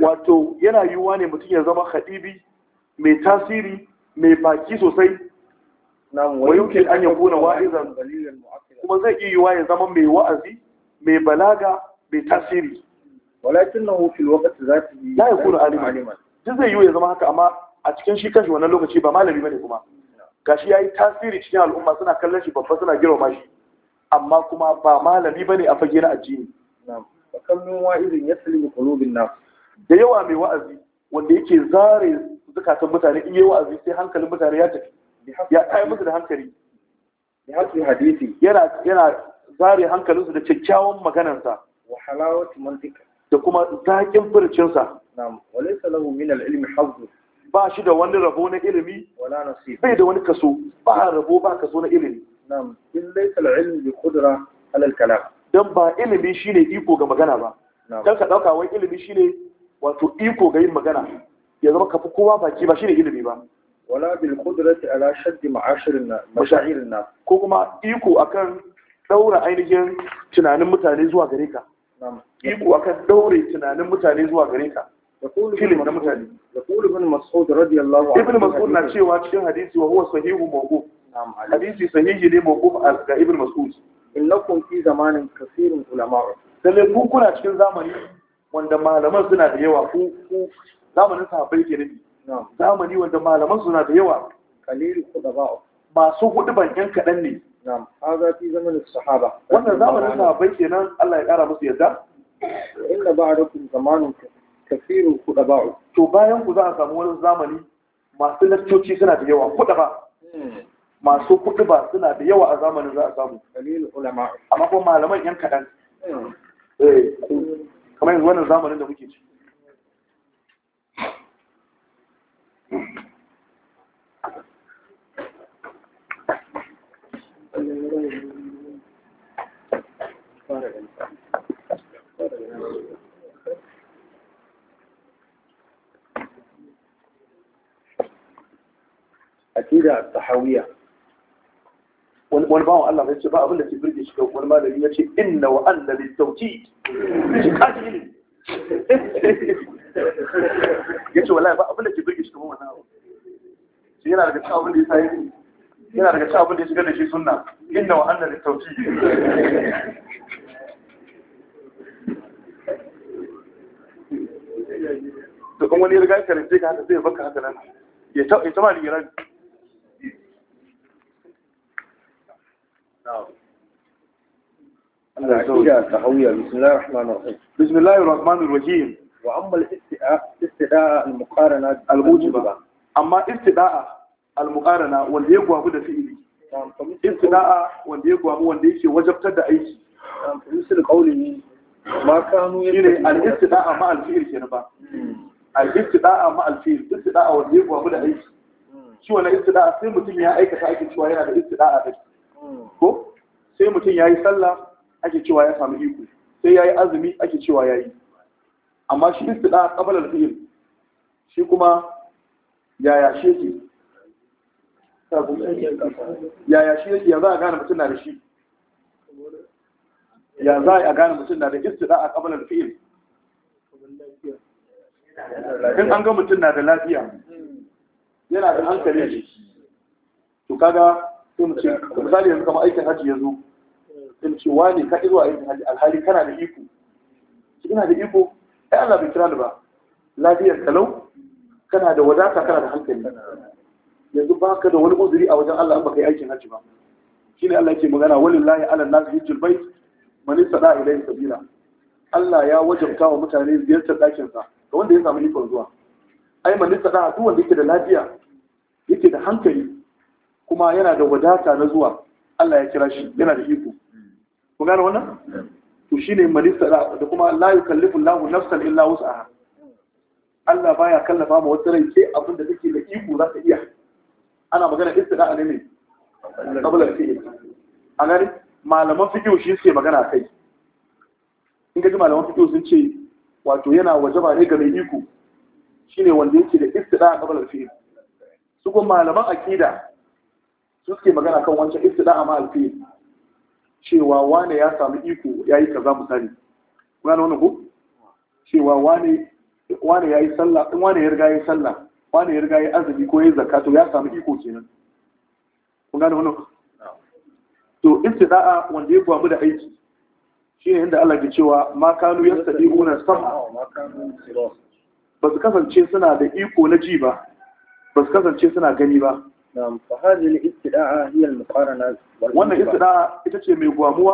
Speaker 1: wato yana yiwuwa ne mutum ya zama khadibi mai tasiri mai baki sosai wa yumkin an kuna wa'izan kuma zai iya yiwuwa ya zama mai wa'azi mai balaga mai tasiri walakinahu za waqti yi la kuna aliman duk zai yiwu ya zama haka amma a cikin shi kashi wannan lokaci ba malami bane kuma gashi yi tasiri cikin al'umma suna kallon shi babba suna girma shi amma kuma ba malami bane a fage na addini
Speaker 2: na kallon wa'izin ya yasli
Speaker 1: kulubin nas da yawa mai wa'azi wanda yake zare zukatan mutane in yi wa'azi sai hankalin mutane ya tafi ya kai musu da hankali ya hasu hadisi yana yana zare su da kyakkyawan maganarsa
Speaker 2: wa halawati mantika
Speaker 1: da kuma zaƙin furcinsa na'am wa laysa lahu min al-ilmi hazzu ba shi da wani rabo na ilimi wala bai da wani kaso ba rabo ba kaso na ilimi na'am in laysa al-ilm ba ilimi shine iko ga magana ba dan ka dauka wai ilimi shine wato iko ga yin magana ya zama kafi kowa baki ba shine ilimi ba wala bil qudrati ala shadd ma'ashirin mashahirin nas ko kuma iko akan daura ainihin tunanin mutane zuwa gare ka iko akan daure tunanin mutane zuwa gare ka filin na mutane ibn mas'ud na cewa cikin hadisi wa huwa sahihu hadisi sahihi ne mawquf ga ibn mas'ud innakum fi zamanin kaseerin ulama lalle ku kuna cikin zamani wanda malaman suna da yawa ku ku zamanin sahabbai ke nabi zamani wanda malaman suna da yawa qalil khudaba masu hudu ban yan kadan ne na'am haza fi zamanin sahaba wannan zamanin sahabbai kenan Allah ya kara musu yadda inna ba'dakum zamanun kaseerin khudaba to bayan ku za a samu wani zamani masu laccoci suna da yawa khudaba hmm. masu kudu ba suna da yawa a zamanin za a samu amma kuma malaman yan kaɗan hmm. eh, kamar yanzu wannan zamanin da muke ci ta tahawiyya wani bawan Allah ya ce ba abin da ke birge shi wani malami ya ce inna wa anna lil tawjid shi kaji ne ya ce wallahi ba abin da ke birge shi kamar wani abu shi yana daga cikin abin da ya sa yana daga cikin abin da ya shigar da shi sunna inna wa anna lil tawjid to kuma wani ya riga sai ka haka zai baka haka nan ya ta ma liran بسم الله الرحمن الرحيم وأما الاستداء المقارنة الموجبة أما استداء المقارنة wanda ya gwabu da fi'ili istida'a wanda ya gwabu wanda yake wajabtar da aiki misal qawli ma kanu yine al-istida'a ma al-fi'il kenan ba al-istida'a ma al-fi'il istida'a wanda ya gwabu da aiki shi sai mutum ya aikata aikin yana da ko sai mutum ya yi sallah ake cewa ya samu iko sai ya yi azumi ake cewa ya yi amma shi istiɗa ƙabalar fi'il shi kuma yaya shi yake yaya shi yake ya za a gane mutum na da shi ya za a gane mutum na da istiɗa a ƙabalar fi'il in an ga mutum na da lafiya
Speaker 2: yana da hankali
Speaker 1: to kaga sai mu ce misali yanzu kama aikin hajji ya zo sai mu ce wani ka zuwa aikin hajji alhali kana da iko Ki ina da iko ai Allah bai kira ni ba lafiyar kalau kana da wadata kana da hankali yanzu baka da wani uzuri a wajen Allah in baka yi aikin hajji ba shine Allah yake magana walillahi ala nas hijjul bait man istada ilayhi sabila Allah ya wajabta wa mutane ziyartar dakin sa ga wanda ya samu ikon zuwa ai man istada duk wanda yake da lafiya yake da hankali kuma yana da wadata na zuwa Allah ya kira shi yana da iko ku gane wannan to shine malista da kuma la yukallifu Allahu nafsan illa wus'aha Allah baya kallafa ma wata rai sai abin da take da iko za ta iya ana magana istida'a ne ne qabla fi'l a gani malaman fiqh shi suke magana kai in ga malaman fiqh sun ce wato yana wajaba ne ga mai iko shine wanda yake da istida'a qabla fi'l su kuma malaman aqida suke magana kan wancan iftida a ma'alfi cewa wane ya samu iko ya yi kaza misali kuna da wani ku cewa wane ya yi sallah in wane ya riga ya yi sallah wane ya riga ya yi azumi ko ya yi zakka to ya samu iko kenan kuna da wani ku? to a wanda ya gwamu da aiki shine inda Allah ke cewa ma kanu yastadi'una sam'a ba su kasance suna da iko na ji ba ba su kasance suna gani ba نعم فهذه الاستدعاء هي المقارنة وانا استدعاء اتتي مي غواموا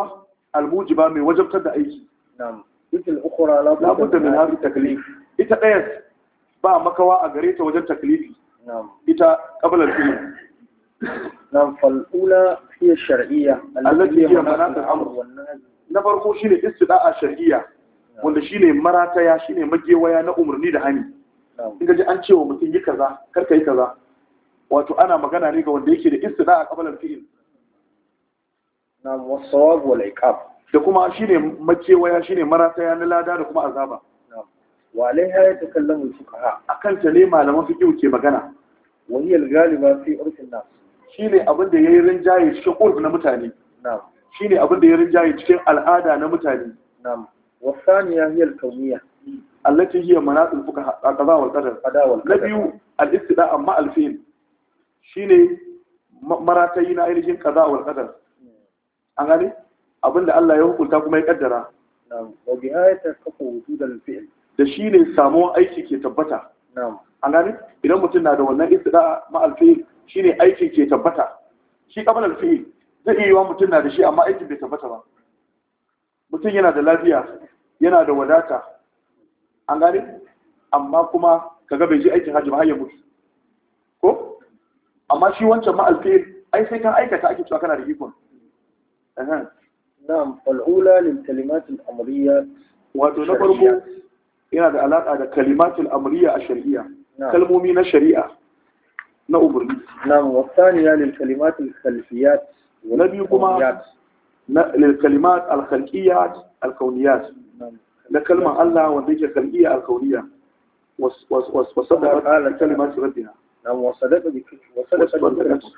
Speaker 1: الموجبة مي وجبت دا ايكي نعم مثل الاخرى لا بد من هذا التكليف ita ɗayan ba makawa a gare ta wajen taklifi ita ƙabalar fiye nan fal'ula fiye shari'iyya allati hiya manatar amr na farko shine istida'a shari'iyya wanda shine marataya ne magewaya na umarni da hani in ji an cewa mutum yi kaza kar ka yi kaza wato ana magana ne ga wanda yake da istida a al fi'il
Speaker 2: na wasawab
Speaker 1: wal kaf da kuma shine makewaya shine marataya na lada da kuma azaba wa ta kallon wasu kaha A kanta ne malaman fiqh ke magana Wani yal galiba ghaliba fi urfin nas ne abin da yi rinjaye cikin urf na mutane Shi ne abin da yi rinjaye cikin al'ada na mutane na'am wa thaniya hiya al-kawniyya allati hiya manaqil fuqaha qada wal qadar qada wal qadar nabiyu al-istida'a al shine maratayi na ainihin kaza wal qadar an gane abinda Allah ya hukunta kuma ya kaddara
Speaker 2: wa bi ayatin kafa wujudal fi'l
Speaker 1: da shine samuwar aiki ke tabbata an gane idan mutum na da wannan istida ma al fi'l shine aiki ke tabbata shi qabla al fi'l zai yi wa mutum na da shi amma aiki bai tabbata ba mutum yana da lafiya yana da wadata an gane amma kuma kaga bai ji aikin hajji ba har ya mutu ko amma shi wancan ma'alfil ai sai kan aikata ake cewa kana da ikon
Speaker 2: na'am al'ula lil kalimat al amriya wa to na farko
Speaker 1: yana da alaka da kalimat al amriya a shari'a kalmomi na shari'a na umarni na'am wa thaniya lil kalimat al khalfiyat wa nabi kuma na lil kalimat al khalqiyat al kawniyat na kalmar Allah wanda yake khalqiya al kawniya was was was sadara kalimat rabbiha نعم وصدق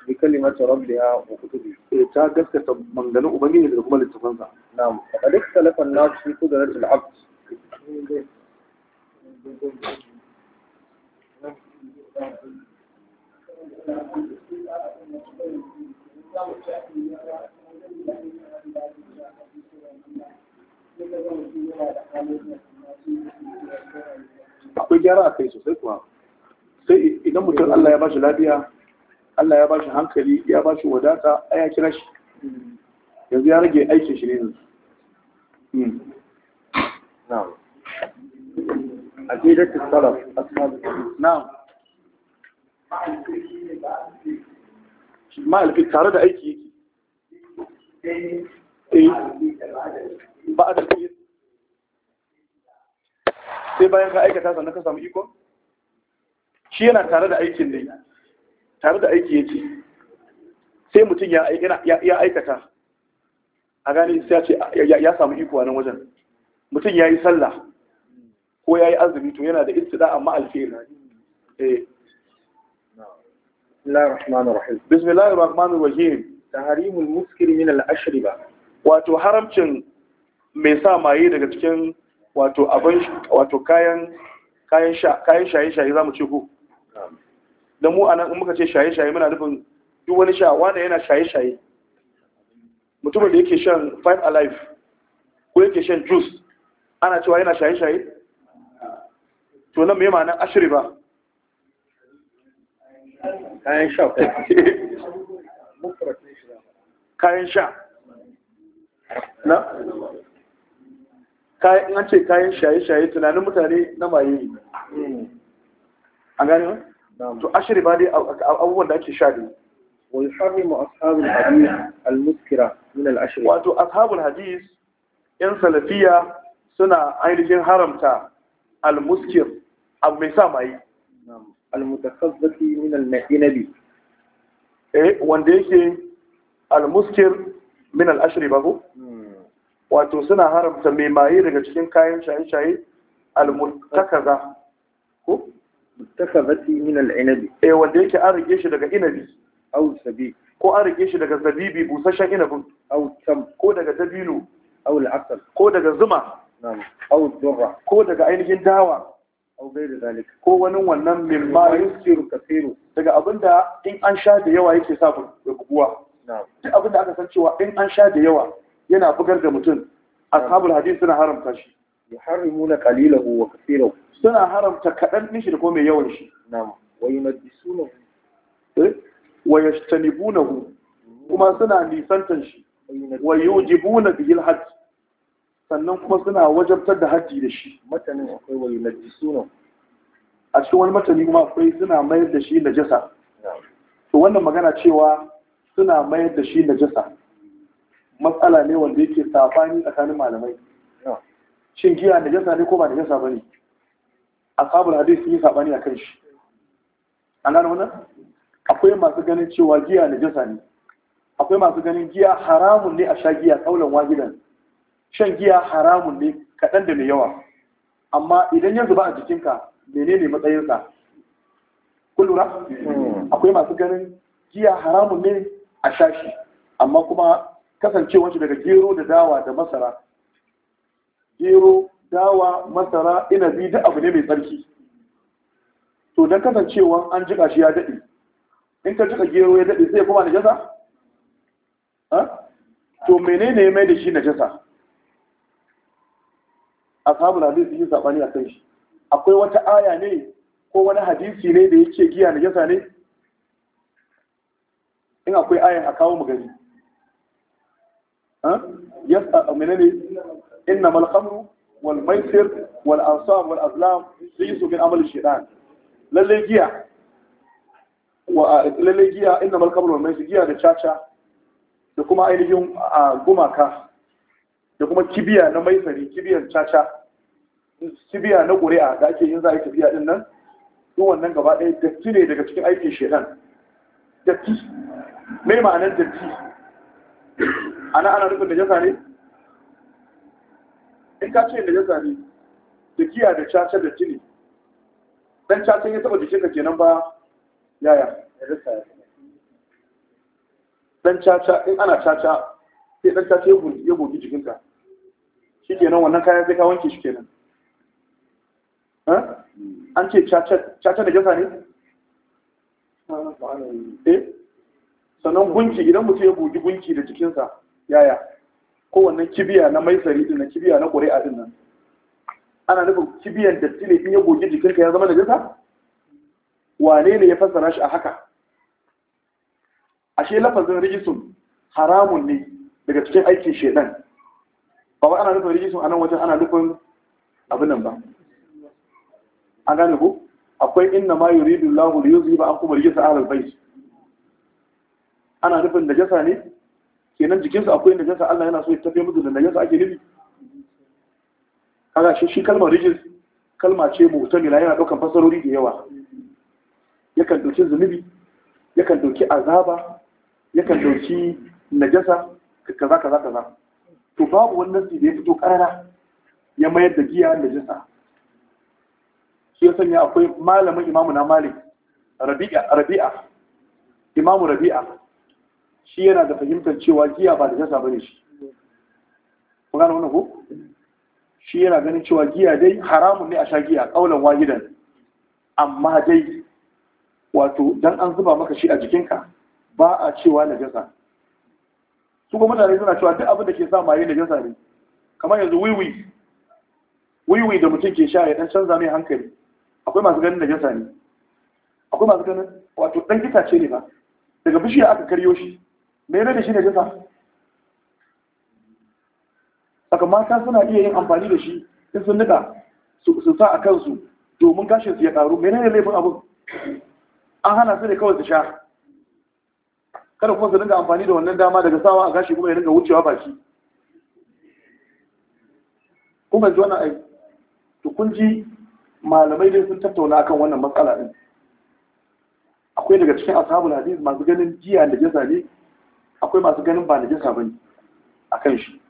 Speaker 1: بكلمة ربها وكتبه تا قسكة من جنوب بني لكم اللي
Speaker 2: تفنزع نعم فقد اختلف الناس في قدرة العبد
Speaker 1: shi lafiya Allah ya ba shi hankali ya ba shi wadata a ya kira shi yanzu ya rage aikin shi ne hmm. na'am aqidatu salaf ashabu na'am ma alfi tare da aiki yake eh, sai bayan ka aikata sannan ka samu iko shi yana tare da aikin ne tare da aiki yake sai mutum ya aikata a gane sai ya samu iko a nan wajen mutum ya yi sallah ko ya yi azumi to yana da istida amma alfiyar eh bismillahir rahmanir rahim Harimun muskir min al ba, wato haramcin mai sa maye daga cikin wato abin wato kayan kayan sha kayan shaye shaye zamu ce ko da mu anan in muka ce shaye-shaye muna nufin duk wani sha wanda yana shaye-shaye mutumin da yake shan five alive ko yake shan juice ana cewa yana shaye-shaye to nan mai ma'anar ashiri ba kayan sha kayan sha na kayan an ce kayan shaye-shaye tunanin mutane na maye ne hmm. an gani to ashiri ma dai abubuwan da ake sha ne wa yuharrimu ashabul hadith al-muskira min al-ashri wato ashabul hadith yan salafiya suna ainihin haramta al-muskir abu mai sa mai al-mutakhazzati min al-inabi eh wanda yake al-muskir min al ashiri ba ko hmm. wato suna haramta mai maye daga cikin kayan shaye-shaye al-mutakaza ko mutakazzati min al-inabi eh wanda yake an rike shi daga inabi aw sabi ko an rike shi daga zabibi busasshen inabin aw tam ko daga dabino aw al-asal ko daga zuma na'am aw durra ko daga ainihin dawa aw gairi zalika ko wani wannan mimma yusiru kasiru daga abinda in an sha da yawa yake sa buguwa na'am duk abinda aka san cewa in an sha da yawa yana bugar da mutum ashabul hadith suna haramta shi يحرمون قليله وكثيره kathirahu suna haramta kadan din shi da kuma mai yawan shi na'am wa yunadisunahu eh? wa kuma suna nisantan shi sannan kuma suna wajabtar da hajji da shi matanin akwai wa yunadisunahu a cikin wani matani kuma akwai suna mayar da shi jasa. to wannan magana cewa suna mayar da shi najasa matsala ne wanda yake safani tsakanin malamai shin giya najasa ne ko ba najasa ba ne ashabul hadis sun yi sabani a kan shi an gano wannan akwai masu ganin cewa giya najasa ne akwai masu ganin giya haramun ne a sha giya kaulan wahidan shan giya haramun ne kaɗan da mai yawa amma idan ya zuba a jikinka menene matsayinsa kun lura hmm. akwai masu ganin giya haramun ne a shi, amma kuma kasancewar daga gero da dawa da masara gero dawa masara inabi duk abu ne mai tsarki to don kasancewa an jika shi ya daɗe in ka jika gero ya daɗe sai kuma najasa to menene ya mai da shi najasa ashabul hadisi yi sabani a kan shi akwai wata aya ne ko wani hadisi ne da yake giya najasa ne in akwai ayan a kawo mu gari yasa menene إنما الخمر والميسر والأنصاب والأظلام ليسوا من عمل الشيطان للي جيع للي جيع إنما الخمر والميسر جيا للشاشة da kuma ainihin a gumaka da kuma kibiya na maisari kibiyar caca kibiya na ƙuri'a da ake yin za a yi tafiya din nan duk wannan gaba ɗaya datti ne daga cikin aikin shedan datti mai ma'anar datti ana ana rufin da jasa ne in ka ce da ya zane da giya da caca da jini dan cacar ya taba jikinka ke kenan ba yaya dan caca in ana caca sai dan caca ya bugi jikinka shi kenan wannan kayan sai ka wanke shi kenan an ce caca da jasa ne? Eh? sannan gunki idan mutum ya bugi gunki da jikinsa yaya Kowanne kibiya na maisari din na kibiya na ƙuri'a din nan ana nufin kibiyan da tile in ya goge jikinka ya zama da jisa wane ne ya fassara shi a haka ashe lafazin rigisun haramun ne daga cikin aikin shedan ba ana nufin a anan wajen ana nufin abin nan ba an gane ku akwai inna ma yuridu Allahu li yuzhiba ankum rijsa ahlal bayt ana nufin da jasa ne kenan jikinsu akwai najasa Allah yana so ya tafiye mutu da najasa ake nufi kaga shi shi kalmar rijis kalma ce mutamila yana daukan fasarori da yawa yakan dauki zunubi yakan dauki azaba yakan dauki najasa kaza kaza kaza to babu wannan su da ya fito karara ya mayar da giya najasa shi ya sanya akwai malamin imamu na malik rabi'a imamu rabi'a shi yana da fahimtar cewa giya ba da jasa ba ne shi magana gane wannan ko shi yana ganin cewa giya dai haramun ne a sha giya kaulan wahidan amma dai wato dan an zuba maka shi a jikinka ba a cewa na jasa su kuma mutane suna cewa duk abin da ke sa maye na jasa ne kamar yanzu wiwi wiwi da mutum ke sha ya dan canza mai hankali akwai masu ganin najasa ne akwai masu ganin wato dan itace ne ba daga bishiya aka karyo shi mene da shi ne jisa saka mata suna iya yin amfani da shi in sun nika su sa a kansu domin gashinsu su ya karu mene ne laifin abin an hana su ne kawai su sha kada kuma su dinga amfani da wannan dama daga sawa a gashi kuma ya dinga wucewa baki kuma ji wannan ai to kun ji malamai dai sun tattauna akan wannan matsala din akwai daga cikin ashabul hadis masu ganin jiya da jasa ne akwai masu ganin ba najasa bane akan shi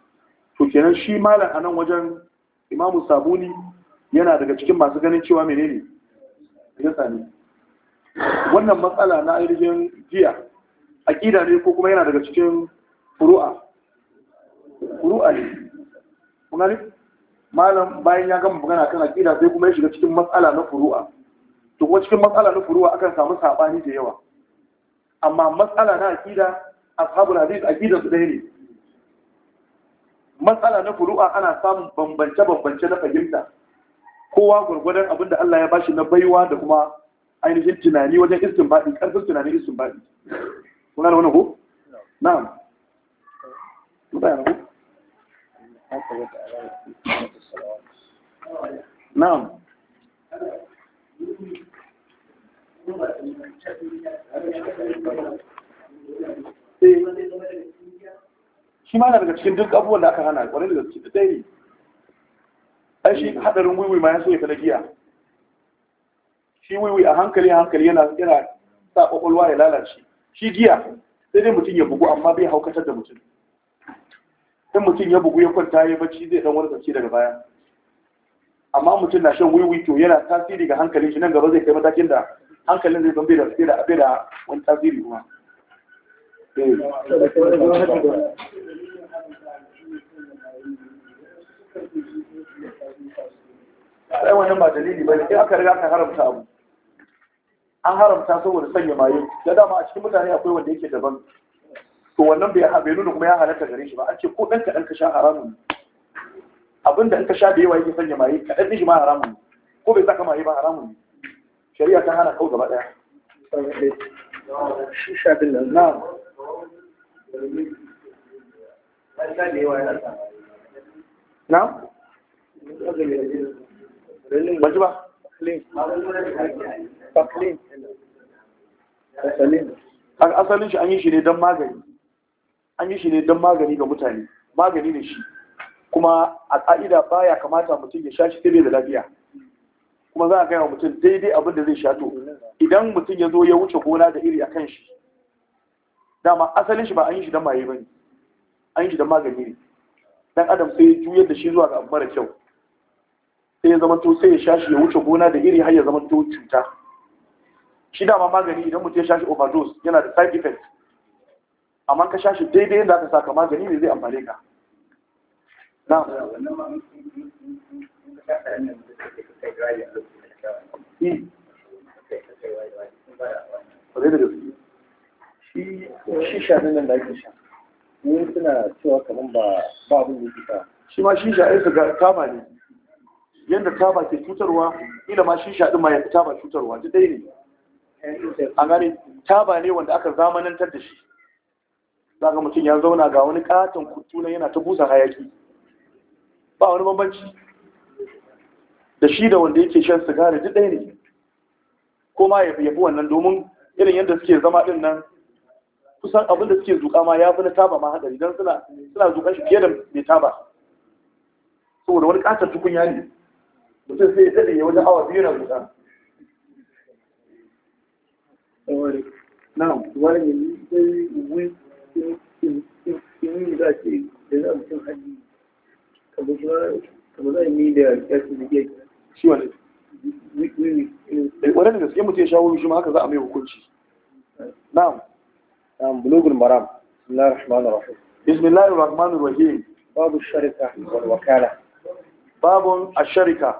Speaker 1: to kenan shi malam anan wajen imamu sabuni yana daga cikin masu ganin cewa menene najasa ne wannan matsala na ainihin jiya aqida ne ko kuma yana daga cikin furu'a furu'a ne kuma ne malam bayan ya gama magana kan aqida sai kuma ya shiga cikin matsala na furu'a to kuma cikin matsala na furu'a akan samu sabani da yawa amma matsala na aqida ashabul hadith aqidar su ɗaya ne matsala na furu'a ana samun bambance-bambance na fahimta kowa gwargwadon abinda Allah ya bashi na baiwa da kuma ainihin tunani wajen istinbadi karfin tunanin istinbadi kun da wani ko na'am
Speaker 2: na'am Thank you. shi
Speaker 1: ma na daga cikin duk abubuwan da aka hana da daga cikin dai ai shi haɗarin wiwi ma ya so ya fada giya shi wiwi a hankali hankali yana yana sa ƙwaƙwalwa ya lalace shi giya sai dai mutum ya bugu amma bai haukatar da mutum sai mutum ya bugu ya kwanta ya bacci zai dan wani tsarki daga baya amma mutum na shan wiwi to yana tasiri ga hankalin shi nan gaba zai kai matakin da hankalin zai zama bai da wani tasiri kuma
Speaker 2: ai wannan ba dalili ba in aka
Speaker 1: riga ka haramta abu an haramta saboda sanya maye da dama a cikin mutane akwai wanda yake daban to wannan bai bai nuna kuma ya halatta gare shi ba an ce ko ɗan kaɗan ka sha haramun ne abinda in ka sha da yawa yake sanya maye kaɗan ɗin ma haramun ne ko bai saka maye ba haramun ne shari'a ta hana kau gaba ɗaya. Shi sha nan. Na'am. na? asalin shi an yi shi ne don magani an yi shi ne don magani ga mutane magani ne shi kuma a ƙa'ida baya kamata mutum ya sha shi sai da lafiya kuma za a gaya wa mutum daidai abin da zai sha to idan mutum ya zo ya wuce gona da iri a kan shi dama asalin shi ba an yi shi don maye ba ne an yi shi don magani ne dan adam sai ya juyar da shi zuwa ga abu mara kyau sai ya zama to sai ya shi ya wuce gona da iri har ya zama to cuta shi dama magani idan mutum ya shi overdose yana da side effect amma ka shi daidai yadda aka saka magani ne zai amfane ka
Speaker 2: na ba
Speaker 1: eh. zai da gaske shi shisha nan da ake sha wani suna cewa kamar ba ba abin da yake shi ma shisha ai ga taba ne yadda taba ke cutarwa ina ma shisha ɗin ma ya taba cutarwa duk dai ne a gane taba ne wanda aka zamanantar da shi zaka mutum ya zauna ga wani katon kutuna yana ta busa hayaki ba wani bambanci da shi da wanda yake shan sigari duk ɗaya ne ko ma ya fi wannan domin irin yadda suke zama ɗin nan kusan abin da suke zuka ma ya fi na taba ma haɗari don suna zuka shi fiye da mai taba saboda wani ƙasar tukun yari mutum sai ya daɗe ya wajen awa
Speaker 2: biyu na zuka Now, wani ne wani in yi za ce da za mutum hajji
Speaker 1: kamar za yi da yarsu da ke shi wani wani eh, da gaske mutum ya shawo shi ma haka za a mai hukunci na'am نعم بلوغ المرام بسم الله الرحمن الرحيم بسم الله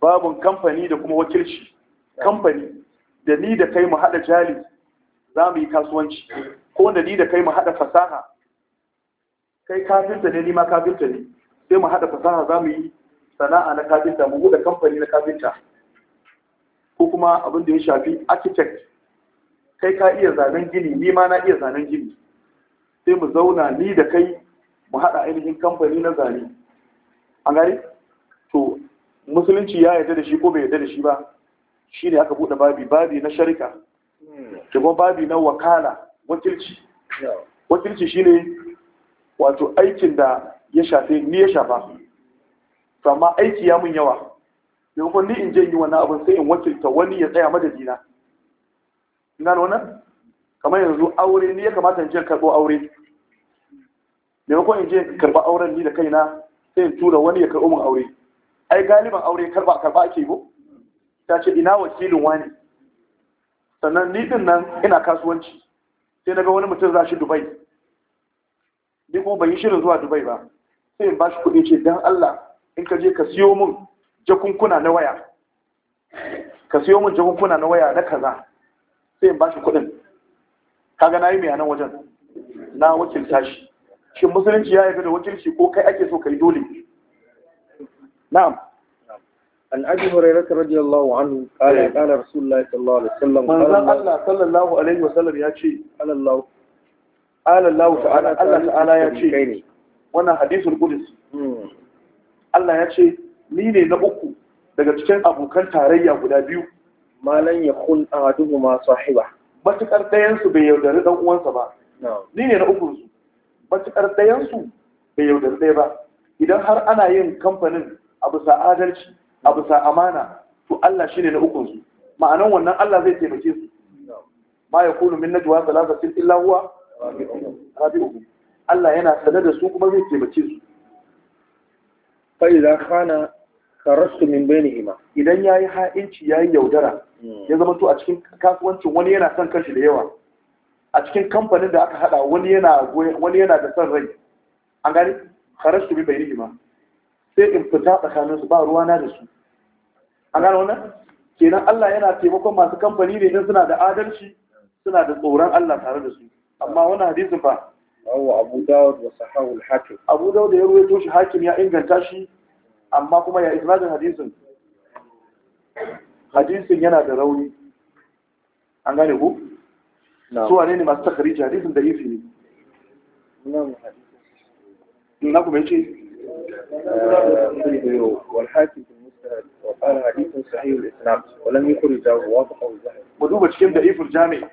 Speaker 1: da kuma wakilci kamfani da ni da kai mu hada jali za mu yi kasuwanci ko da ni da kai mu hada fasaha kai kafinta ne ni ma kafinta ne sai mu hada fasaha za mu yi sana'a na kafinta mu buɗe kamfani na kafinta ko kuma abin da ya shafi architect kai ka iya zanen gini ni ma na iya zanen gini sai mu zauna ni da kai mu haɗa ainihin kamfani na zane an gani to musulunci ya yarda da shi ko bai yarda da shi ba shi ne aka buɗe babi babi na sharika da hmm. kuma babi na wakala wakilci wakilci shi ne wato aikin da ya shafe ni ya shafa amma aiki ya mun yawa kuma ni in je yi wannan abin sai in wakilta wani ya tsaya madadina gano wannan kamar yanzu aure ni ya kamata in je karbo aure ko in je karba auren ni da kaina sai in tura wani ya karɓo min aure ai galiban aure karba karba ake go ta ce ina wakilin wani sannan ni din nan ina kasuwanci sai na ga wani mutum za shi dubai ni kuma ban yi shirin zuwa dubai ba sai in ba shi kuɗi ce don allah in ka je ka siyo min jakunkuna na waya ka siyo min jakunkuna na waya na kaza sai in ba shi kuɗin kaga na yi mai a nan wajen na wakilta shi shi musulunci ya yarda da wakilci ko kai ake so kai dole na'am an abi hurairah radiyallahu anhu qala eh. qala rasulullahi sallallahu alaihi wasallam manzon Allah sallallahu alaihi wasallam ya ce Allah Allah ta'ala Allah ta'ala ya ce wannan hadisul qudsi hmm. Allah ya ce ni ne na uku daga cikin abokan tarayya guda biyu malan ya kun ahaduhu ma sahiba matukar dayan su bai yaudari dan uwansa ba ni ne na ukun su matukar dayan su bai yaudari ɗaya ba idan har ana yin kamfanin a bisa adalci a bisa amana to Allah shine na ukun su ma'anan wannan Allah zai taimake su ma ya kunu min najwa thalathatin illa huwa rabi'uhum Allah yana sanar da su kuma zai taimake su fa idza khana karastu min hima. idan yayi ha'inci yayi yaudara ya zama to a cikin kasuwancin wani yana son kashi da yawa a cikin kamfanin da aka hada wani yana wani yana da son rai an gani karastu min hima. sai in fita tsakanin su ba ruwa na da su an gani wannan kenan Allah yana taimakon masu kamfani ne idan suna da adalci suna da tsoron Allah tare da su amma wani hadisin fa
Speaker 2: Abu Dawud wa sahahu al-Hakim Abu Dawud
Speaker 1: ya ruwaito shi Hakim ya inganta shi amma kuma ya isnadin hadisin hadisin yana da rauni an gane ku su wane ne masu takariji hadisin da ifi ne na kuma ce
Speaker 2: eh,
Speaker 1: mu duba cikin da ifin jami'a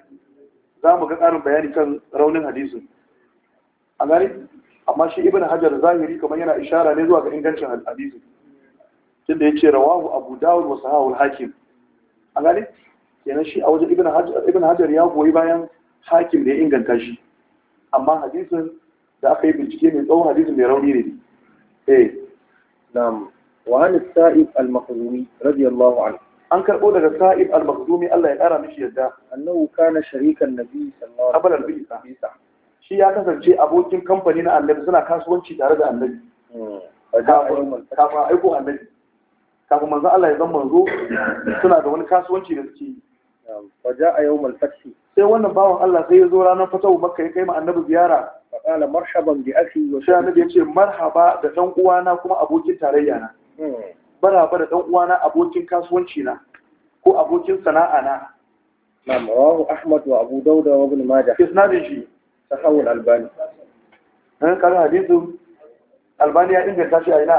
Speaker 1: za mu ga ƙarin bayani kan raunin hadisin a gane amma shi ibn hajar zahiri kamar yana ishara ne zuwa ga ingancin hadisi tunda ce rawahu abu dawud wa sahahu al-hakim an gane kenan shi a wajen ibn hajar ibn hajar ya goyi bayan hakim da ya inganta shi amma hadisin da aka yi bincike mai tsawon hadisin mai rauni ne eh na'am wa an sa'ib al-makhzumi radiyallahu anhu an karbo daga sa'ib al-makhzumi Allah ya kara mishi yadda annahu kana sharikan nabi sallallahu alaihi wasallam shi ya kasance abokin kamfani na annabi suna kasuwanci tare da annabi hmm. kafin aiko annabi kafin manzan Allah ya zama manzo suna da wani kasuwanci da suke yi faja a yau malfashi sai wannan bawan Allah sai ya zo ranar fatawu makka ya kai ma annabi ziyara faƙala marhaban bi akhi wa shi annabi ya ce marhaba da dan uwana kuma abokin tarayya na baraba hmm. da dan uwana abokin kasuwanci na ko abokin sana'a na
Speaker 2: na rawahu ahmad wa abu dauda wa
Speaker 1: ibn majah isnadin shi sahawul albani an eh, kaga hadisin albani ya inganta shi a ina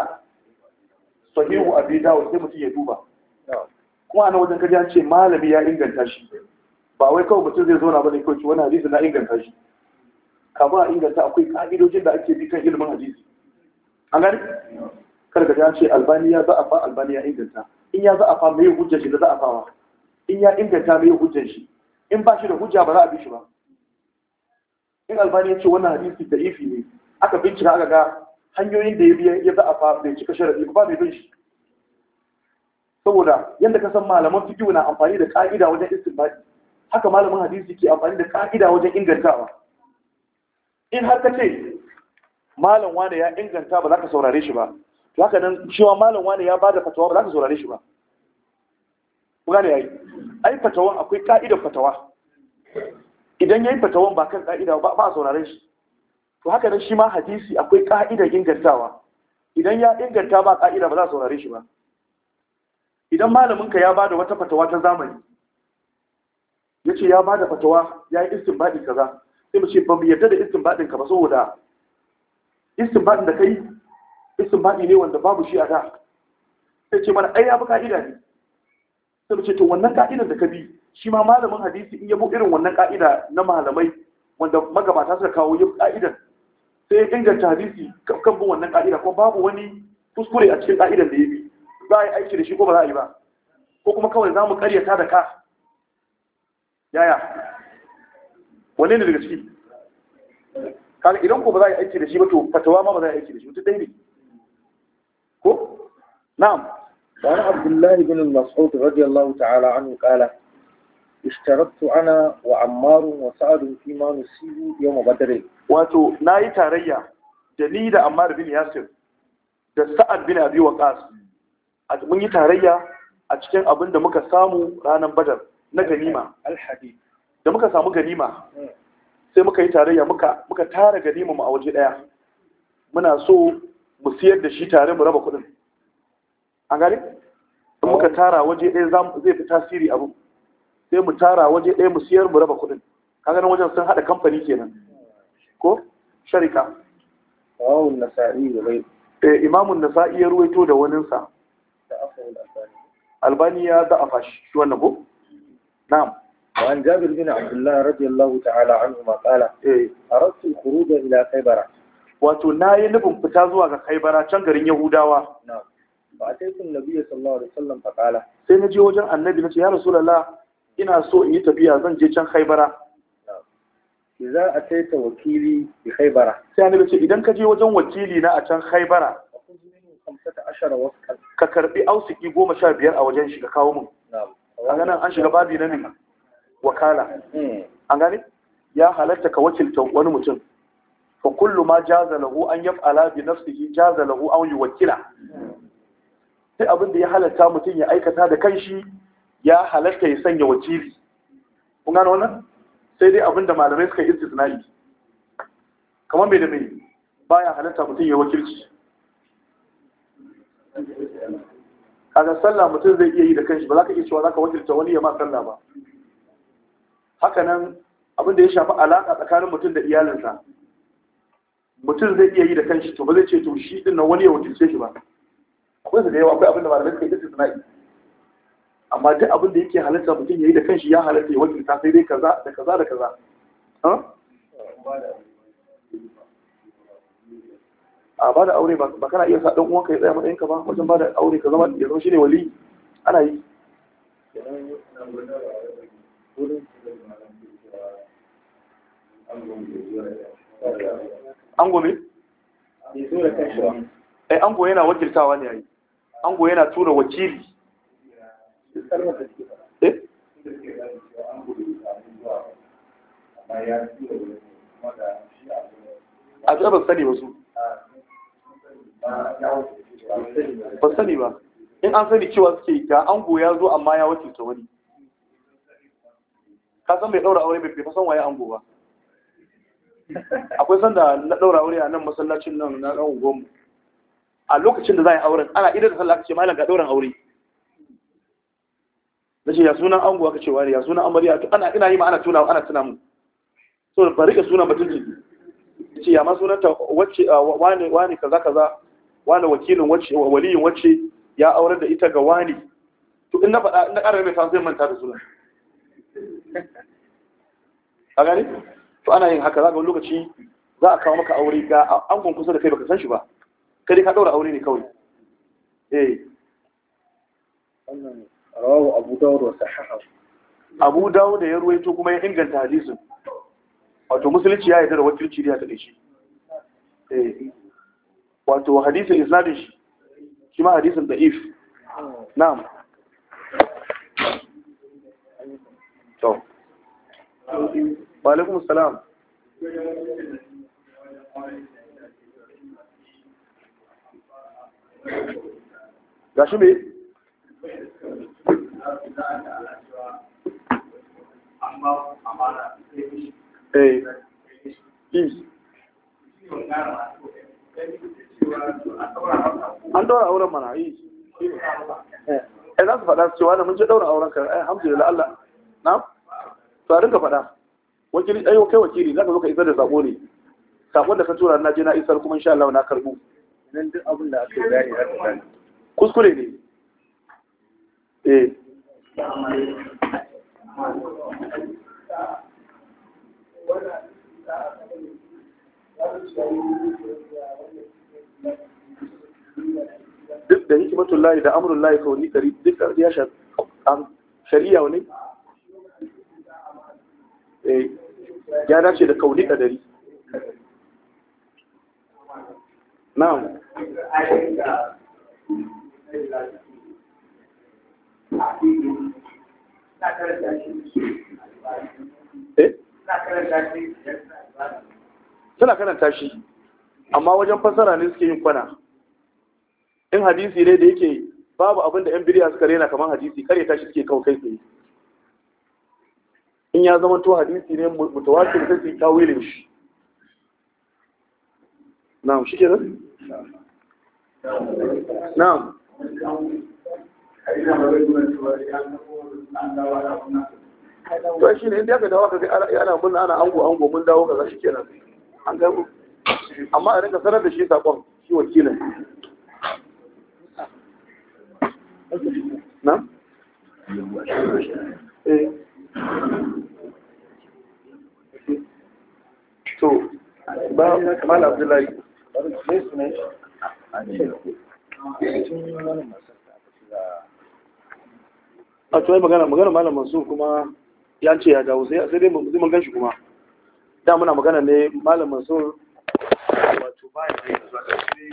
Speaker 1: sahihu abi dawud sai mutum ya duba kuma ana wajen kaji an ce malami ya inganta shi ba wai kawai mutum zai zauna ba ne kawai wani hadisi na inganta shi kama a inganta akwai ka'idojin da ake bi kan ilimin hadisi an gani karka an ce albani ya za'afa albani ya inganta in ya za'afa mai hujjar shi da za'afawa in ya inganta mai hujjar shi in ba shi da hujja ba za a bi shi ba in albani ya ce wannan hadisi da ifi ne aka bincika aka ga hanyoyin da ya biya ya za'afa bai cika sharaɗi ba mai bin shi saboda yadda ka san malaman fikiyu na amfani da ka'ida wajen istinbadi haka malamin hadisi ke amfani da ka'ida wajen ingantawa in har ka ce malam wane ya inganta ba za ka saurare shi ba to haka nan cewa malam wane ya bada fatawa ba za ka saurare shi ba ku gane yayi ai fatawa akwai ka'idar fatawa idan ya yi fatawan ba kan ka'ida ba ba sauraren shi to haka nan shi ma hadisi akwai ka'idar ingantawa idan ya inganta ba ka'ida ba za a saurare shi ba idan malamin ka ya da wata fatawa ta zamani Ya ce ya ba da fatawa ya yi istinbadi kaza sai mu ce ba mu yarda da istinbadin ka ba saboda istinbadin da kai istinbadi ne wanda babu shi a da sai ce mana ai ya bi ka'ida ne sai mu ce to wannan ka'idan da ka bi shi ma malamin hadisi in yabo irin wannan ka'ida na malamai wanda magabata suka kawo yin ka'idan sai ya inganta hadisi kan bin wannan ka'ida ko babu wani kuskure a cikin ka'idan da ya bi za a yi aiki da shi ko ba za a yi ba ko kuma kawai za mu karyata da ka yaya wanne ne daga ciki kaga idan ko ba za a yi aiki da shi ba to fatawa ma ba za a yi aiki da shi mutum ne
Speaker 2: ko na'am وعن عبد الله بن المسعود رضي الله تعالى عنه قال ishtarattu ana wa وسعد wa
Speaker 1: sa'adun fi ma nusibu yawma badr wato nayi tarayya da ni da ammar bin ابي da sa'ad bin abi waqas mun yi tarayya a cikin abin da muka samu ranar badar na ganima da muka samu ganima sai muka yi tarayya muka muka tara ganima mu a waje daya muna so mu siyar da shi tare mu raba kuɗin an gane in muka tara waje ɗaya zai fi tasiri abu sai mu tara waje ɗaya mu siyar mu raba kuɗin kaga nan wajen sun haɗa kamfani kenan ko sharika
Speaker 2: imamun nasa'i
Speaker 1: da bai eh, imamun nasa'i ya ruwaito da wani sa albani ya da afa shi wannan ko na'am وعن جابر بن عبد الله رضي الله تعالى عنه ما قال أردت الخروج إلى خيبر wato na yi nufin fita zuwa ga kaibara can garin yahudawa ba a taifin nabi sallallahu alaihi wasallam fa kala sai na je wajen annabi ina so in yi tafiya zan je can haibara sai ta wakili bi haibara sai ya ce idan ka je wajen wakili na a can haibara ka karbi ausiki goma sha biyar a wajen shiga kawo mun
Speaker 2: a ganin an shiga
Speaker 1: babi na ne wakala hmm. an gane ya halatta ka wakilta wani mutum fa kullu ma jaza lahu an yaf'ala bi nafsihi jaza lahu an yuwakkila sai hmm. abin da ya halatta mutum ya aikata da kanshi ya halatta ya sanya wakili kun gano wannan sai dai abinda malamai suka istisna'i kamar bai da mai baya halatta mutum ya wakilci kaga sallah mutum zai iya yi da kanshi ba za ka iya cewa za ka wakilta wani ya ma sallah ba Haka nan, abinda ya shafi alaƙa tsakanin mutum da iyalinsa mutum zai iya yi da kanshi to ba zai ce to shi din nan wani ya wakilce shi ba akwai su da yawa akwai abinda malamai suka istisna'i amma duk abin da yake halitta mutum ya yi da kanshi ya halitta ya wajirta sai dai kaza da kaza da kaza a ba da aure ba kana iya sa ɗan uwanka ya tsaya matsayinka ba wajen ba da aure ka zama ya zama ne wali ana yi ango me? Eh, ango yana wakiltawa ne yi. ango yana tura wakili
Speaker 2: Eh? a ta ban sani ba su
Speaker 1: ban sani ba in an sani cewa suke ga an goya zo amma ya ta wani ka san bai daura aure bai fi san waye ango ba akwai sanda na daura aure a nan masallacin nan na ɗan unguwanmu a lokacin da za a yi auren ana idar da sallah ce malam ga ɗauran aure na ce ya sunan ango aka cewa ne ya sunan amarya to ana ina yi ma ana tuna ana tunamu mu ba rike sunan batun jiki ce ya ma sunan ta wacce wani wani kaza kaza wani wakilin wacce waliyin wacce ya aurar da ita ga wani to in na faɗa in na ƙara mai ta zai manta da sunan a gani to ana yin haka zaka wani lokaci za a kawo maka aure ga angon kusa da kai baka san shi ba kai ka ɗaura aure ne kawai eh rawahu abu dawud wa sahahahu abu dawud ya ruwaito kuma ya inganta hadisin wato musulunci ya yarda da wakilci da ta dace eh wato hadisin isnadin shi shi ma hadisin da'if na'am to wa alaikum assalam gashi me Eh. an daura auren mana yi eh. eh za su faɗa su cewa da mun je daura auren ka eh alhamdulillah Allah na to a fada faɗa wakili ayo eh, kai wakili zaka zo ka isar da sako ne sakon da ka tura na je na isar kuma insha Allah na karbu nan duk abin da aka gani aka gani kuskure ne eh duk da hikimatun layi da amurin layi kawai ni kari duk da ya shari'a wani eh, ya dace da kauni kadari
Speaker 2: na'am Eh?
Speaker 1: suna karanta shi amma wajen fassara ne suke yin kwana in hadisi ne da yake babu abin da 'yan biriya suka rena kamar hadisi kare tashi suke kawo kai tsaye in ya zama to hadisi ne da sai su tawilin shi na'am shi kenan na'am to shi ne inda ka dawo ka ga ana murna ana ango ango mun dawo kaza kenan. an gano. amma a rinka sanar da shi sakon shi wakilin
Speaker 2: na? Eh. to ba kamal abdullahi ne
Speaker 1: a tuwai magana magana malam mansur kuma ya ce ya dawo sai dai dai mun gan shi kuma da muna magana ne malam mansur
Speaker 2: wato ba ya yanzu shi